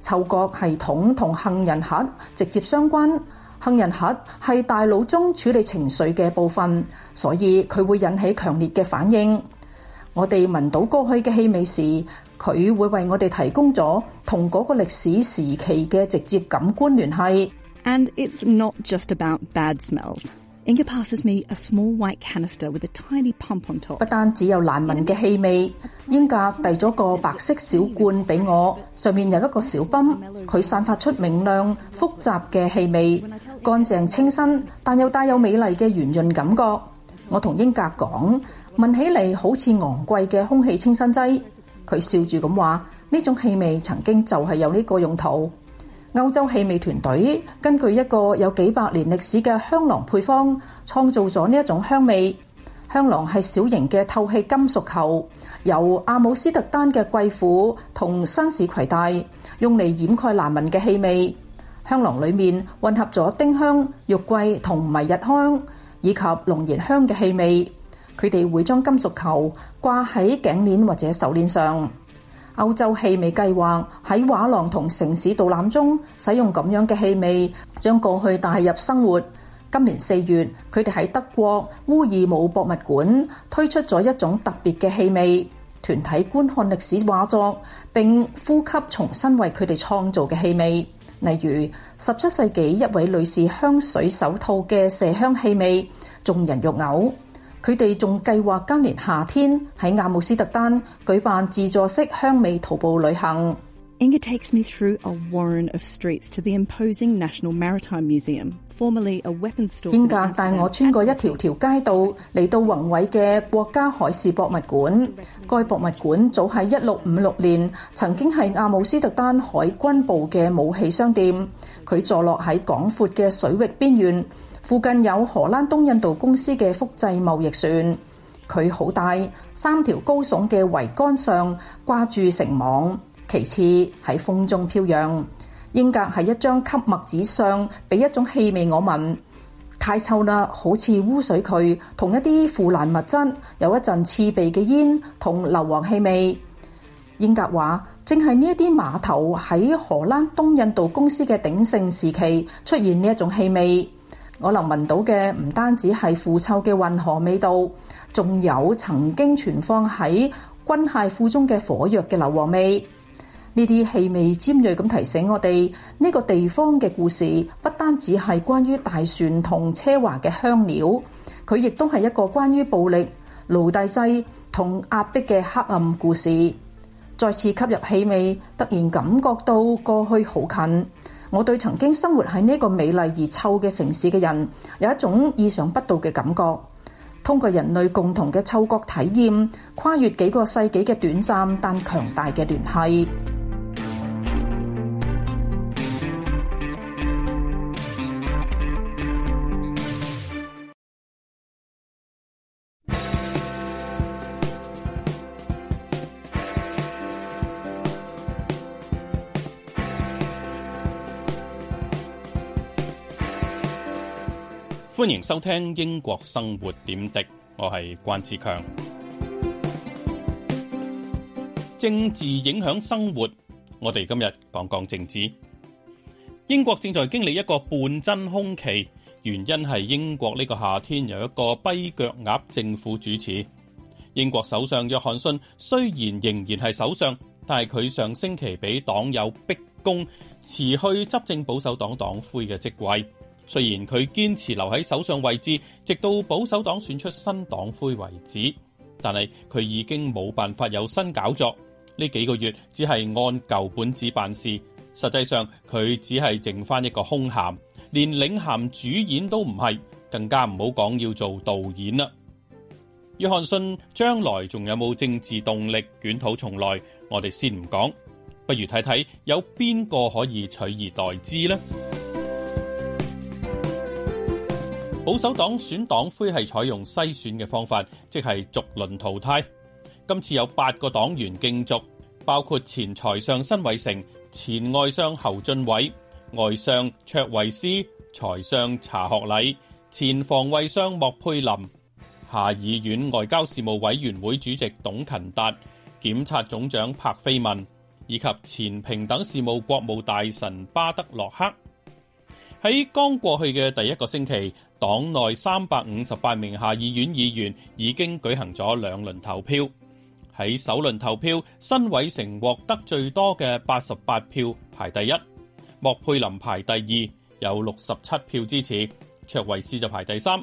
嗅覺系統同杏仁核直接相關，杏仁核係大腦中處理情緒嘅部分，所以佢會引起強烈嘅反應。我哋聞到過去嘅氣味時，佢會為我哋提供咗同嗰個歷史時期嘅直接感官聯繫。And it's not just about bad smells. 英格 passes me a small white canister with a tiny pump on top。不單只有難聞嘅氣味，英格遞咗個白色小罐畀我，上面有一個小泵，佢散發出明亮複雜嘅氣味，乾淨清新，但又帶有美麗嘅圓潤感覺。我同英格講，聞起嚟好似昂貴嘅空氣清新劑。佢笑住咁話：呢種氣味曾經就係有呢個用途。歐洲氣味團隊根據一個有幾百年歷史嘅香囊配方，創造咗呢一種香味。香囊係小型嘅透氣金屬球，由阿姆斯特丹嘅貴婦同紳士攜帶，用嚟掩蓋難聞嘅氣味。香囊裡面混合咗丁香、玉桂同迷日香，以及龍涎香嘅氣味。佢哋會將金屬球掛喺頸鏈或者手鏈上。歐洲氣味計劃喺畫廊同城市導覽中使用咁樣嘅氣味，將過去帶入生活。今年四月，佢哋喺德國烏爾姆博物館推出咗一種特別嘅氣味，團體觀看歷史畫作，並呼吸重新為佢哋創造嘅氣味，例如十七世紀一位女士香水手套嘅麝香氣味，眾人欲嘔。佢哋仲計劃今年夏天喺阿姆斯特丹舉辦自助式香味徒步旅行。英格帶我穿過一條條街道，嚟到宏偉嘅國家海事博物館。該博物館早喺一六五六年曾經係阿姆斯特丹海軍部嘅武器商店。佢坐落喺廣闊嘅水域邊緣。附近有荷蘭東印度公司嘅複製貿易船，佢好大，三條高聳嘅桅杆上掛住繩網，其次喺風中飄揚。英格係一張吸墨紙上俾一種氣味我聞，我聞太臭啦，好似污水渠同一啲腐爛物質，有一陣刺鼻嘅煙同硫磺氣味。英格話：正係呢一啲碼頭喺荷蘭東印度公司嘅鼎盛時期出現呢一種氣味。我能聞到嘅唔單止係腐臭嘅運河味道，仲有曾經存放喺軍械庫中嘅火藥嘅硫磺味。呢啲氣味尖銳咁提醒我哋，呢個地方嘅故事不單止係關於大船同奢華嘅香料，佢亦都係一個關於暴力、奴隸制同壓迫嘅黑暗故事。再次吸入氣味，突然感覺到過去好近。我對曾經生活喺呢個美麗而臭嘅城市嘅人，有一種意想不到嘅感覺。通過人類共同嘅嗅覺體驗，跨越幾個世紀嘅短暫但強大嘅聯繫。歡迎收聽英國生活點滴，我係關志強。政治影響生活，我哋今日講講政治。英國正在經歷一個半真空期，原因係英國呢個夏天有一個跛腳鴨政府主持。英國首相約翰遜雖然仍然係首相，但係佢上星期俾黨友逼宮，辭去執政保守黨黨魁嘅職位。雖然佢堅持留喺首相位置，直到保守黨選出新黨魁為止，但係佢已經冇辦法有新搞作。呢幾個月只係按舊本子辦事，實際上佢只係剩翻一個空銜，連領銜主演都唔係，更加唔好講要做導演啦。約翰遜將來仲有冇政治動力捲土重來，我哋先唔講，不如睇睇有邊個可以取而代之呢？保守黨選黨魁係採用篩選嘅方法，即係逐輪淘汰。今次有八個黨員競逐，包括前財相辛偉成、前外相侯俊偉、外相卓慧斯、財相查學禮、前防衛相莫佩林、下議院外交事務委員會主席董勤達、檢察總長柏飛文，以及前平等事務國務大臣巴德洛克。喺剛過去嘅第一個星期，黨內三百五十八名下議院議員已經舉行咗兩輪投票。喺首輪投票，辛偉誠獲得最多嘅八十八票，排第一；莫佩林排第二，有六十七票支持；卓維斯就排第三。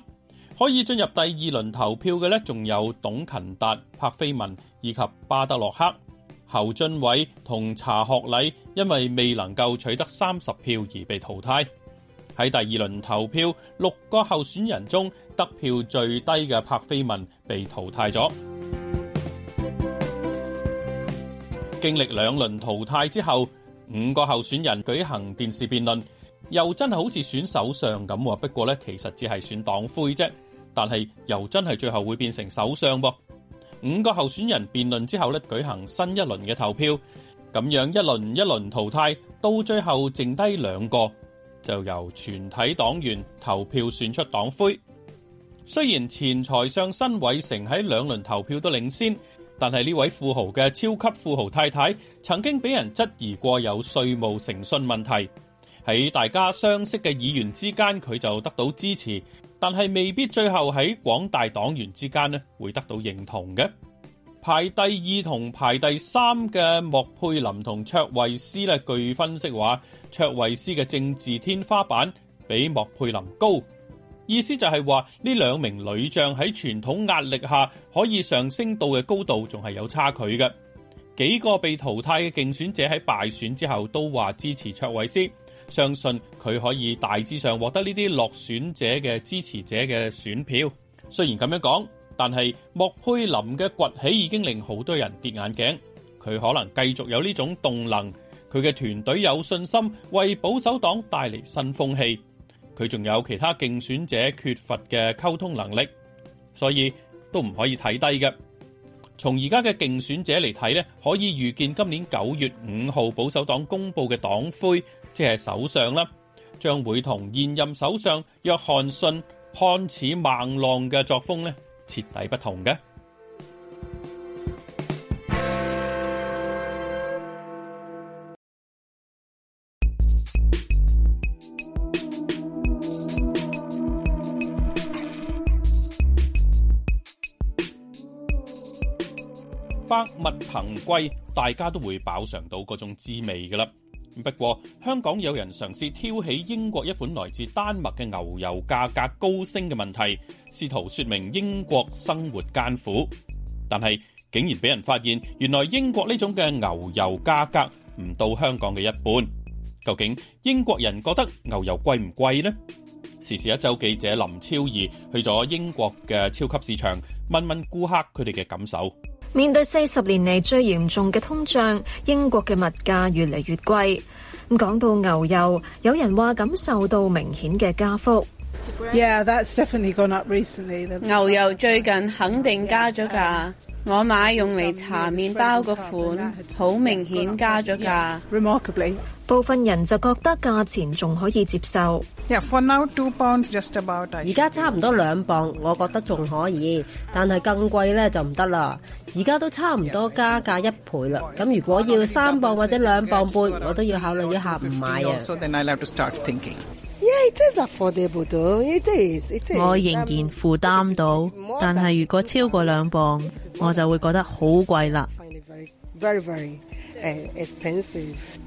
可以進入第二輪投票嘅呢，仲有董勤達、柏菲文以及巴德洛克。侯俊偉同查學禮因為未能夠取得三十票而被淘汰。喺第二輪投票，六個候選人中得票最低嘅柏菲文被淘汰咗。經歷兩輪淘汰之後，五個候選人舉行電視辯論，又真係好似選首相咁喎。不過呢，其實只係選黨魁啫。但係又真係最後會變成首相噃。五個候選人辯論之後呢，舉行新一輪嘅投票，咁樣一輪一輪淘汰，到最後剩低兩個。就由全體黨員投票選出黨魁。雖然前財相辛偉誠喺兩輪投票都領先，但係呢位富豪嘅超級富豪太太曾經俾人質疑過有稅務誠信問題。喺大家相識嘅議員之間，佢就得到支持，但係未必最後喺廣大黨員之間咧會得到認同嘅。排第二同排第三嘅莫佩林同卓慧斯咧，據分析話，卓慧斯嘅政治天花板比莫佩林高，意思就係話呢兩名女將喺傳統壓力下可以上升到嘅高度，仲係有差距嘅。幾個被淘汰嘅競選者喺敗選之後都話支持卓慧斯，相信佢可以大致上獲得呢啲落選者嘅支持者嘅選票。雖然咁樣講。但係莫佩林嘅崛起已經令好多人跌眼鏡，佢可能繼續有呢種動能，佢嘅團隊有信心為保守黨帶嚟新風氣，佢仲有其他競選者缺乏嘅溝通能力，所以都唔可以睇低嘅。從而家嘅競選者嚟睇咧，可以預見今年九月五號保守黨公布嘅黨魁即係首相啦，將會同現任首相約翰遜看似孟浪嘅作風咧。徹底不同嘅，百物騰貴，大家都會飽嘗到嗰種滋味㗎啦。不過，香港有人嘗試挑起英國一款來自丹麥嘅牛油價格高升嘅問題，試圖說明英國生活艱苦，但係竟然俾人發現，原來英國呢種嘅牛油價格唔到香港嘅一半。究竟英國人覺得牛油貴唔貴呢？時事一周記者林超儀去咗英國嘅超級市場，問問顧客佢哋嘅感受。面對四十年嚟最嚴重嘅通脹，英國嘅物價越嚟越貴。咁講到牛油，有人話感受到明顯嘅加幅。牛油最近肯定加咗價，uh, 我買用嚟搽麵包個款，好明顯加咗價。Yeah, 部分人就覺得價錢仲可以接受。而家、yeah, 差唔多兩磅，我覺得仲可以，但係更貴咧就唔得啦。而家都差唔多加價一倍啦。咁 Yeah, 了如果要三磅或者兩磅半，oh, yes. 我都要考慮一下唔買啊。我仍然負擔到，但係如果超過兩磅，我就會覺得好貴啦。Very, very, very.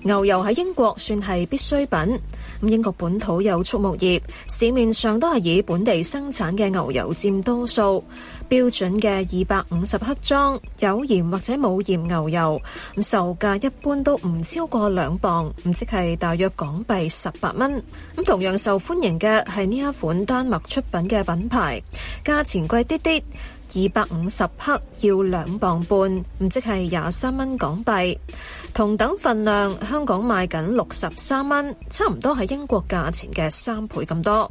牛油喺英國算係必需品。英國本土有畜牧業，市面上都係以本地生產嘅牛油佔多數。標準嘅二百五十克裝，有鹽或者冇鹽牛油，咁售價一般都唔超過兩磅，唔即係大約港幣十八蚊。咁同樣受歡迎嘅係呢一款丹麥出品嘅品牌，價錢貴啲啲。二百五十克要兩磅半，唔即係廿三蚊港幣。同等份量，香港賣緊六十三蚊，差唔多係英國價錢嘅三倍咁多。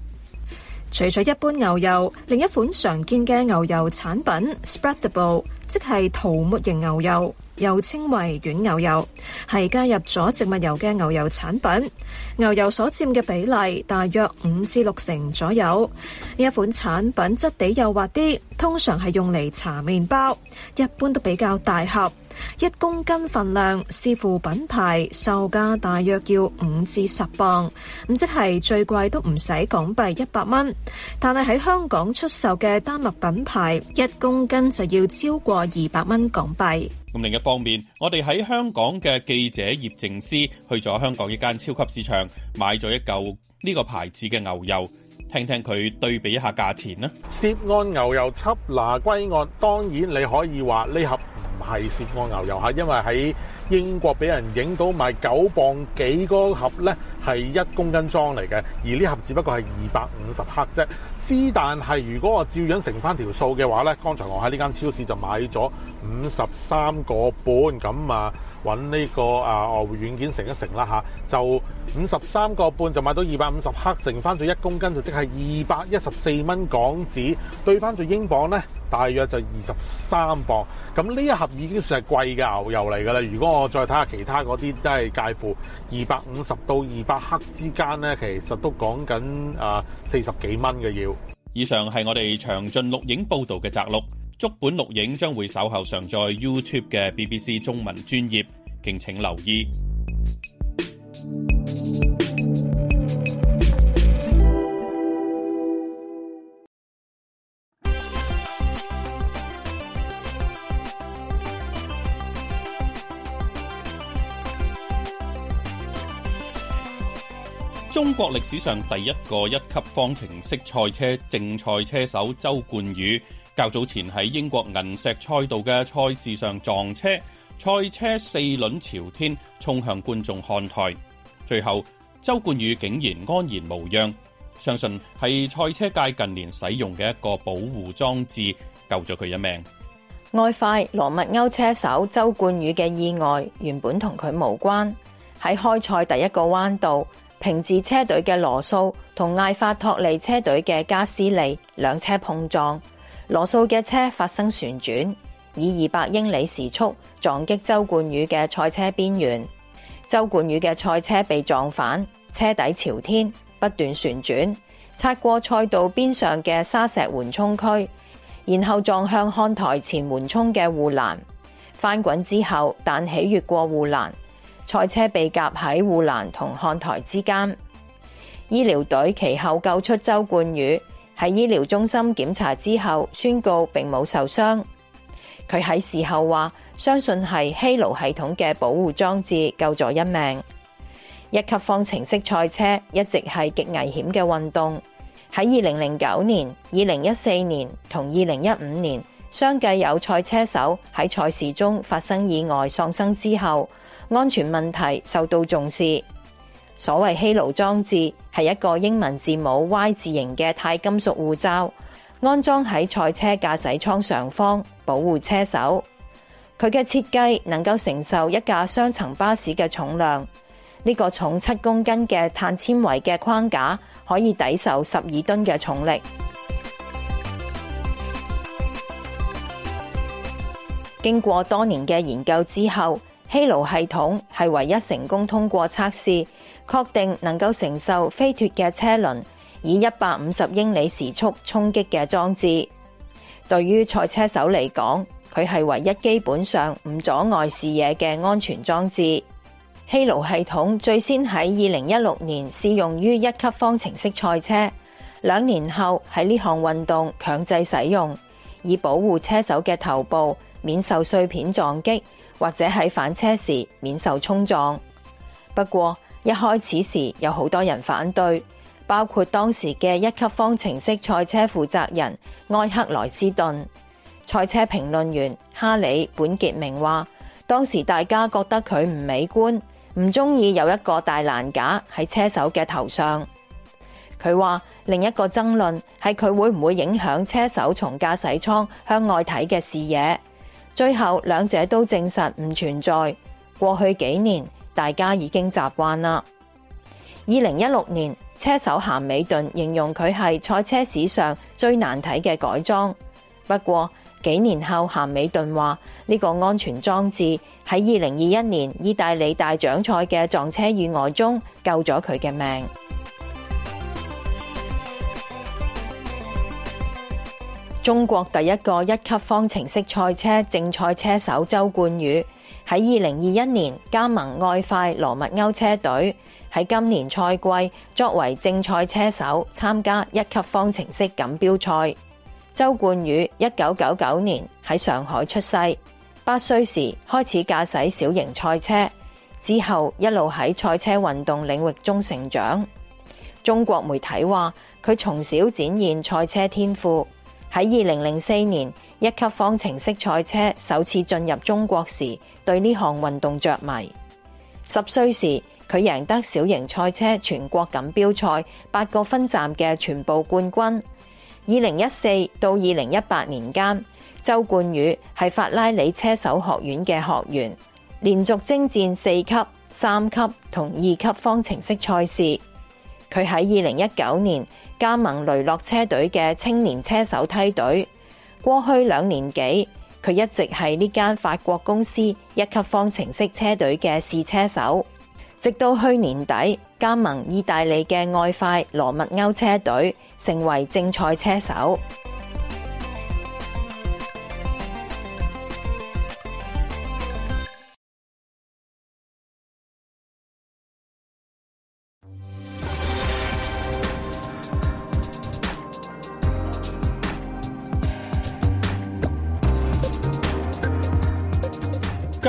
除咗一般牛油，另一款常見嘅牛油產品 spreadable，即係塗抹型牛油，又稱為軟牛油，係加入咗植物油嘅牛油產品。牛油所佔嘅比例大約五至六成左右。呢一款產品質地幼滑啲，通常係用嚟搽麵包，一般都比較大盒。一公斤份量，視乎品牌售價大約要五至十鎊，咁即係最貴都唔使港幣一百蚊。但係喺香港出售嘅丹麥品牌，一公斤就要超過二百蚊港幣。咁另一方面，我哋喺香港嘅記者葉靜思去咗香港一間超級市場買咗一嚿呢個牌子嘅牛油，聽聽佢對比一下價錢啦。涉案牛油緝拿歸案，當然你可以話呢盒唔係涉案牛油嚇，因為喺英國俾人影到賣九磅幾個盒呢，係一公斤裝嚟嘅，而呢盒只不過係二百五十克啫。之，但係如果我照樣乘翻條數嘅話呢，剛才我喺呢間超市就買咗五十三個半，咁啊揾呢個啊外匯軟件乘一乘啦嚇，就五十三個半就買到二百五十克，乘翻咗一公斤就即係二百一十四蚊港紙，兌翻咗英鎊呢，大約就二十三磅。咁呢一盒已經算係貴嘅牛油嚟㗎啦。如果我再睇下其他嗰啲都係介乎二百五十到二百克之間呢，其實都講緊啊四十幾蚊嘅要。以上係我哋詳盡錄影報道嘅摘錄，足本錄影將會稍後上載 YouTube 嘅 BBC 中文專頁，敬請留意。中國歷史上第一個一級方程式賽車正賽車手周冠宇較早前喺英國銀石賽道嘅賽事上撞車，賽車四輪朝天衝向觀眾看台，最後周冠宇竟然安然無恙。相信係賽車界近年使用嘅一個保護裝置救咗佢一命。愛快羅密歐車手周冠宇嘅意外原本同佢無關，喺開賽第一個彎道。平治車隊嘅羅素同艾法托利車隊嘅加斯利兩車碰撞，羅素嘅車發生旋轉，以二百英里時速撞擊周冠宇嘅賽車邊緣，周冠宇嘅賽車被撞反，車底朝天，不斷旋轉，擦過賽道邊上嘅沙石緩衝區，然後撞向看台前緩衝嘅護欄，翻滾之後彈起越過護欄。賽車被夾喺護欄同看台之間，醫療隊其後救出周冠宇。喺醫療中心檢查之後，宣告並冇受傷。佢喺事後話，相信係 Halo 系統嘅保護裝置救咗一命。一級方程式賽車一直係極危險嘅運動。喺二零零九年、二零一四年同二零一五年相繼有賽車手喺賽事中發生意外喪生之後，安全問題受到重視。所謂 Halo 裝置係一個英文字母 Y 字形嘅鈦金屬護罩，安裝喺賽車駕駛艙上方，保護車手。佢嘅設計能夠承受一架雙層巴士嘅重量。呢、這個重七公斤嘅碳纖維嘅框架可以抵受十二噸嘅重力。經過多年嘅研究之後。Halo 系統係唯一成功通過測試，確定能夠承受飛脫嘅車輪以一百五十英里時速衝擊嘅裝置。對於賽車手嚟講，佢係唯一基本上唔阻礙視野嘅安全裝置。Halo 系統最先喺二零一六年試用於一級方程式賽車，兩年後喺呢項運動強制使用，以保護車手嘅頭部免受碎片撞擊。或者喺反車時免受衝撞。不過一開始時有好多人反對，包括當時嘅一級方程式賽車負責人埃克萊斯頓、賽車評論員哈里本傑明話，當時大家覺得佢唔美觀，唔中意有一個大攔架喺車手嘅頭上。佢話另一個爭論係佢會唔會影響車手從駕駛艙向外睇嘅視野。最後兩者都證實唔存在。過去幾年，大家已經習慣啦。二零一六年，車手咸美頓形容佢係賽車史上最難睇嘅改裝。不過幾年後，咸美頓話呢個安全裝置喺二零二一年意大利大獎賽嘅撞車意外中救咗佢嘅命。中國第一個一級方程式賽車正賽車手周冠宇喺二零二一年加盟愛快羅密歐車隊，喺今年賽季作為正賽車手參加一級方程式錦標賽。周冠宇一九九九年喺上海出世，八歲時開始駕駛小型賽車，之後一路喺賽車運動領域中成長。中國媒體話佢從小展現賽車天賦。喺二零零四年，一級方程式賽車首次進入中國時，對呢項運動着迷。十歲時，佢贏得小型賽車全國錦標賽八個分站嘅全部冠軍。二零一四到二零一八年間，周冠宇係法拉利車手學院嘅學員，連續征戰四級、三級同二級方程式賽事。佢喺二零一九年，加盟雷諾車隊嘅青年車手梯隊，過去兩年幾，佢一直係呢間法國公司一級方程式車隊嘅試車手，直到去年底加盟意大利嘅愛快羅密歐車隊，成為正賽車手。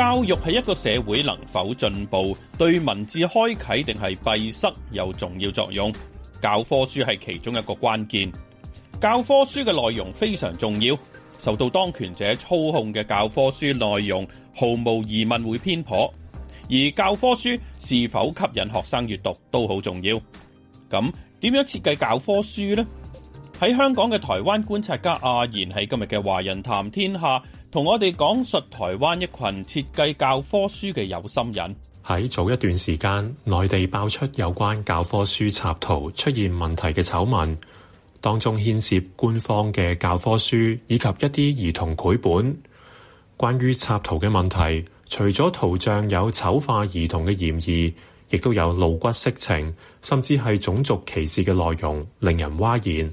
教育係一個社會能否進步，對文字開啟定係閉塞有重要作用。教科書係其中一個關鍵，教科書嘅內容非常重要。受到當權者操控嘅教科書內容，毫無疑問會偏頗。而教科書是否吸引學生閱讀都好重要。咁點樣設計教科書呢？喺香港嘅台灣觀察家阿然喺今日嘅《華人談天下》。同我哋講述台灣一群設計教科書嘅有心人。喺早一段時間，內地爆出有關教科書插圖出現問題嘅醜聞，當中牽涉官方嘅教科書以及一啲兒童繪本。關於插圖嘅問題，除咗圖像有醜化兒童嘅嫌疑，亦都有露骨色情，甚至係種族歧視嘅內容，令人嘩然。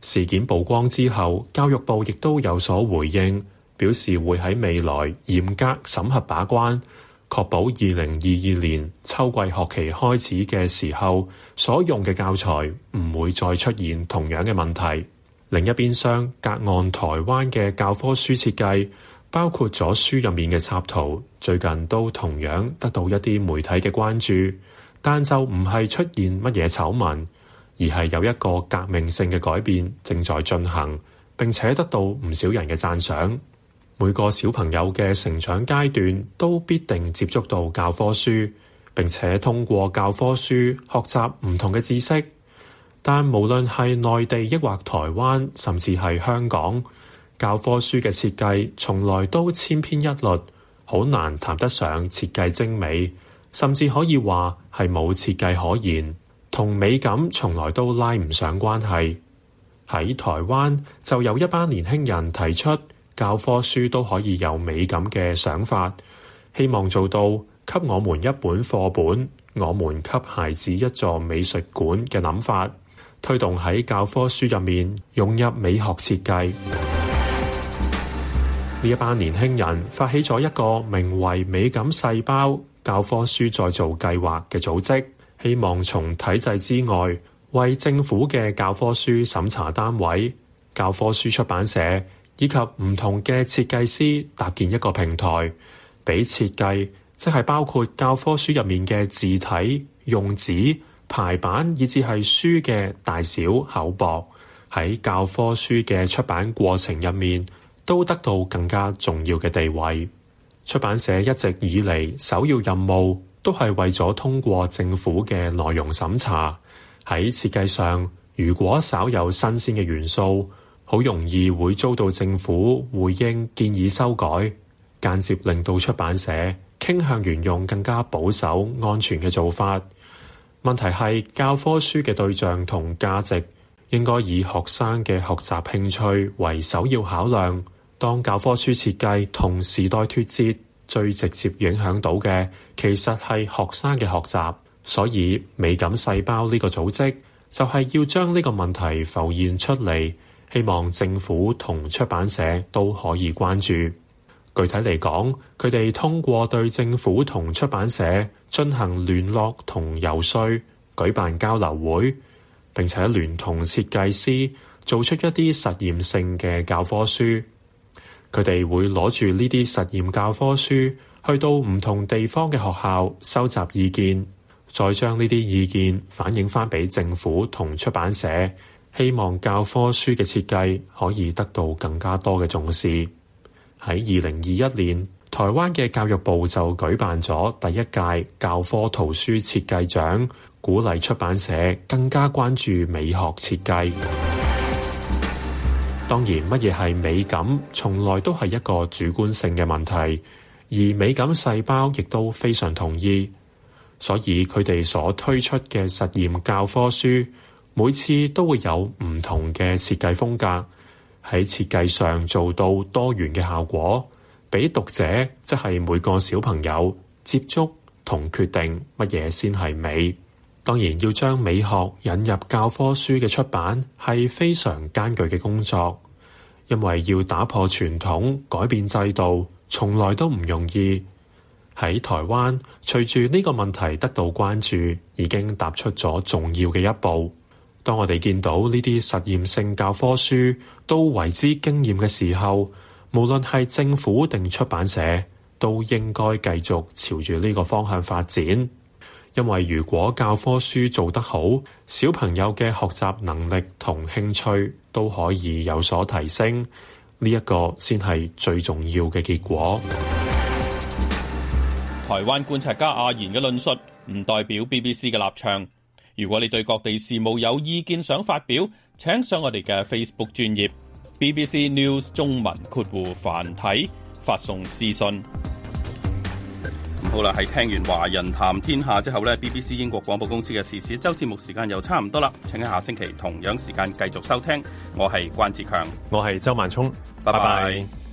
事件曝光之後，教育部亦都有所回應，表示會喺未來嚴格審核把關，確保二零二二年秋季學期開始嘅時候所用嘅教材唔會再出現同樣嘅問題。另一邊廂，隔岸台灣嘅教科書設計包括咗書入面嘅插圖，最近都同樣得到一啲媒體嘅關注，但就唔係出現乜嘢醜聞，而係有一個革命性嘅改變正在進行，並且得到唔少人嘅讚賞。每個小朋友嘅成長階段都必定接觸到教科書，並且通過教科書學習唔同嘅知識。但無論係內地抑或台灣，甚至係香港，教科書嘅設計從來都千篇一律，好難談得上設計精美，甚至可以話係冇設計可言，同美感從來都拉唔上關係。喺台灣就有一班年輕人提出教科書都可以有美感嘅想法，希望做到給我們一本課本，我們給孩子一座美術館嘅諗法，推動喺教科書入面融入美學設計。呢 *music* 一班年輕人發起咗一個名為“美感細胞教科書再造計劃”嘅組織，希望從體制之外為政府嘅教科書審查單位、教科書出版社。以及唔同嘅設計師搭建一個平台，俾設計，即係包括教科書入面嘅字體、用紙、排版，以至係書嘅大小、厚薄，喺教科書嘅出版過程入面，都得到更加重要嘅地位。出版社一直以嚟首要任務，都係為咗通過政府嘅內容審查。喺設計上，如果稍有新鮮嘅元素，好容易會遭到政府回應建議修改，間接令到出版社傾向沿用更加保守、安全嘅做法。問題係教科書嘅對象同價值應該以學生嘅學習興趣為首要考量。當教科書設計同時代脱節，最直接影響到嘅其實係學生嘅學習。所以美感細胞呢個組織就係要將呢個問題浮現出嚟。希望政府同出版社都可以關注。具體嚟講，佢哋通過對政府同出版社進行聯絡同遊說，舉辦交流會，並且聯同設計師做出一啲實驗性嘅教科書，佢哋會攞住呢啲實驗教科書去到唔同地方嘅學校收集意見，再將呢啲意見反映翻俾政府同出版社。希望教科書嘅設計可以得到更加多嘅重視。喺二零二一年，台灣嘅教育部就舉辦咗第一屆教科圖書設計獎，鼓勵出版社更加關注美學設計。當然，乜嘢係美感，從來都係一個主觀性嘅問題，而美感細胞亦都非常同意，所以佢哋所推出嘅實驗教科書。每次都會有唔同嘅設計風格，喺設計上做到多元嘅效果，俾讀者即係、就是、每個小朋友接觸同決定乜嘢先係美。當然要將美學引入教科書嘅出版係非常艱巨嘅工作，因為要打破傳統、改變制度，從來都唔容易。喺台灣，隨住呢個問題得到關注，已經踏出咗重要嘅一步。當我哋見到呢啲實驗性教科書都為之驚艷嘅時候，無論係政府定出版社，都應該繼續朝住呢個方向發展。因為如果教科書做得好，小朋友嘅學習能力同興趣都可以有所提升，呢、這、一個先係最重要嘅結果。台灣觀察家阿言嘅論述唔代表 BBC 嘅立場。如果你對各地事務有意見想發表，請上我哋嘅 Facebook 專頁 BBC News 中文括弧繁體發送私信。好啦，喺聽完華人談天下之後呢 BBC 英國廣播公司嘅時事一周節目時間又差唔多啦，請喺下星期同樣時間繼續收聽。我係關志強，我係周萬聰，拜拜。拜拜。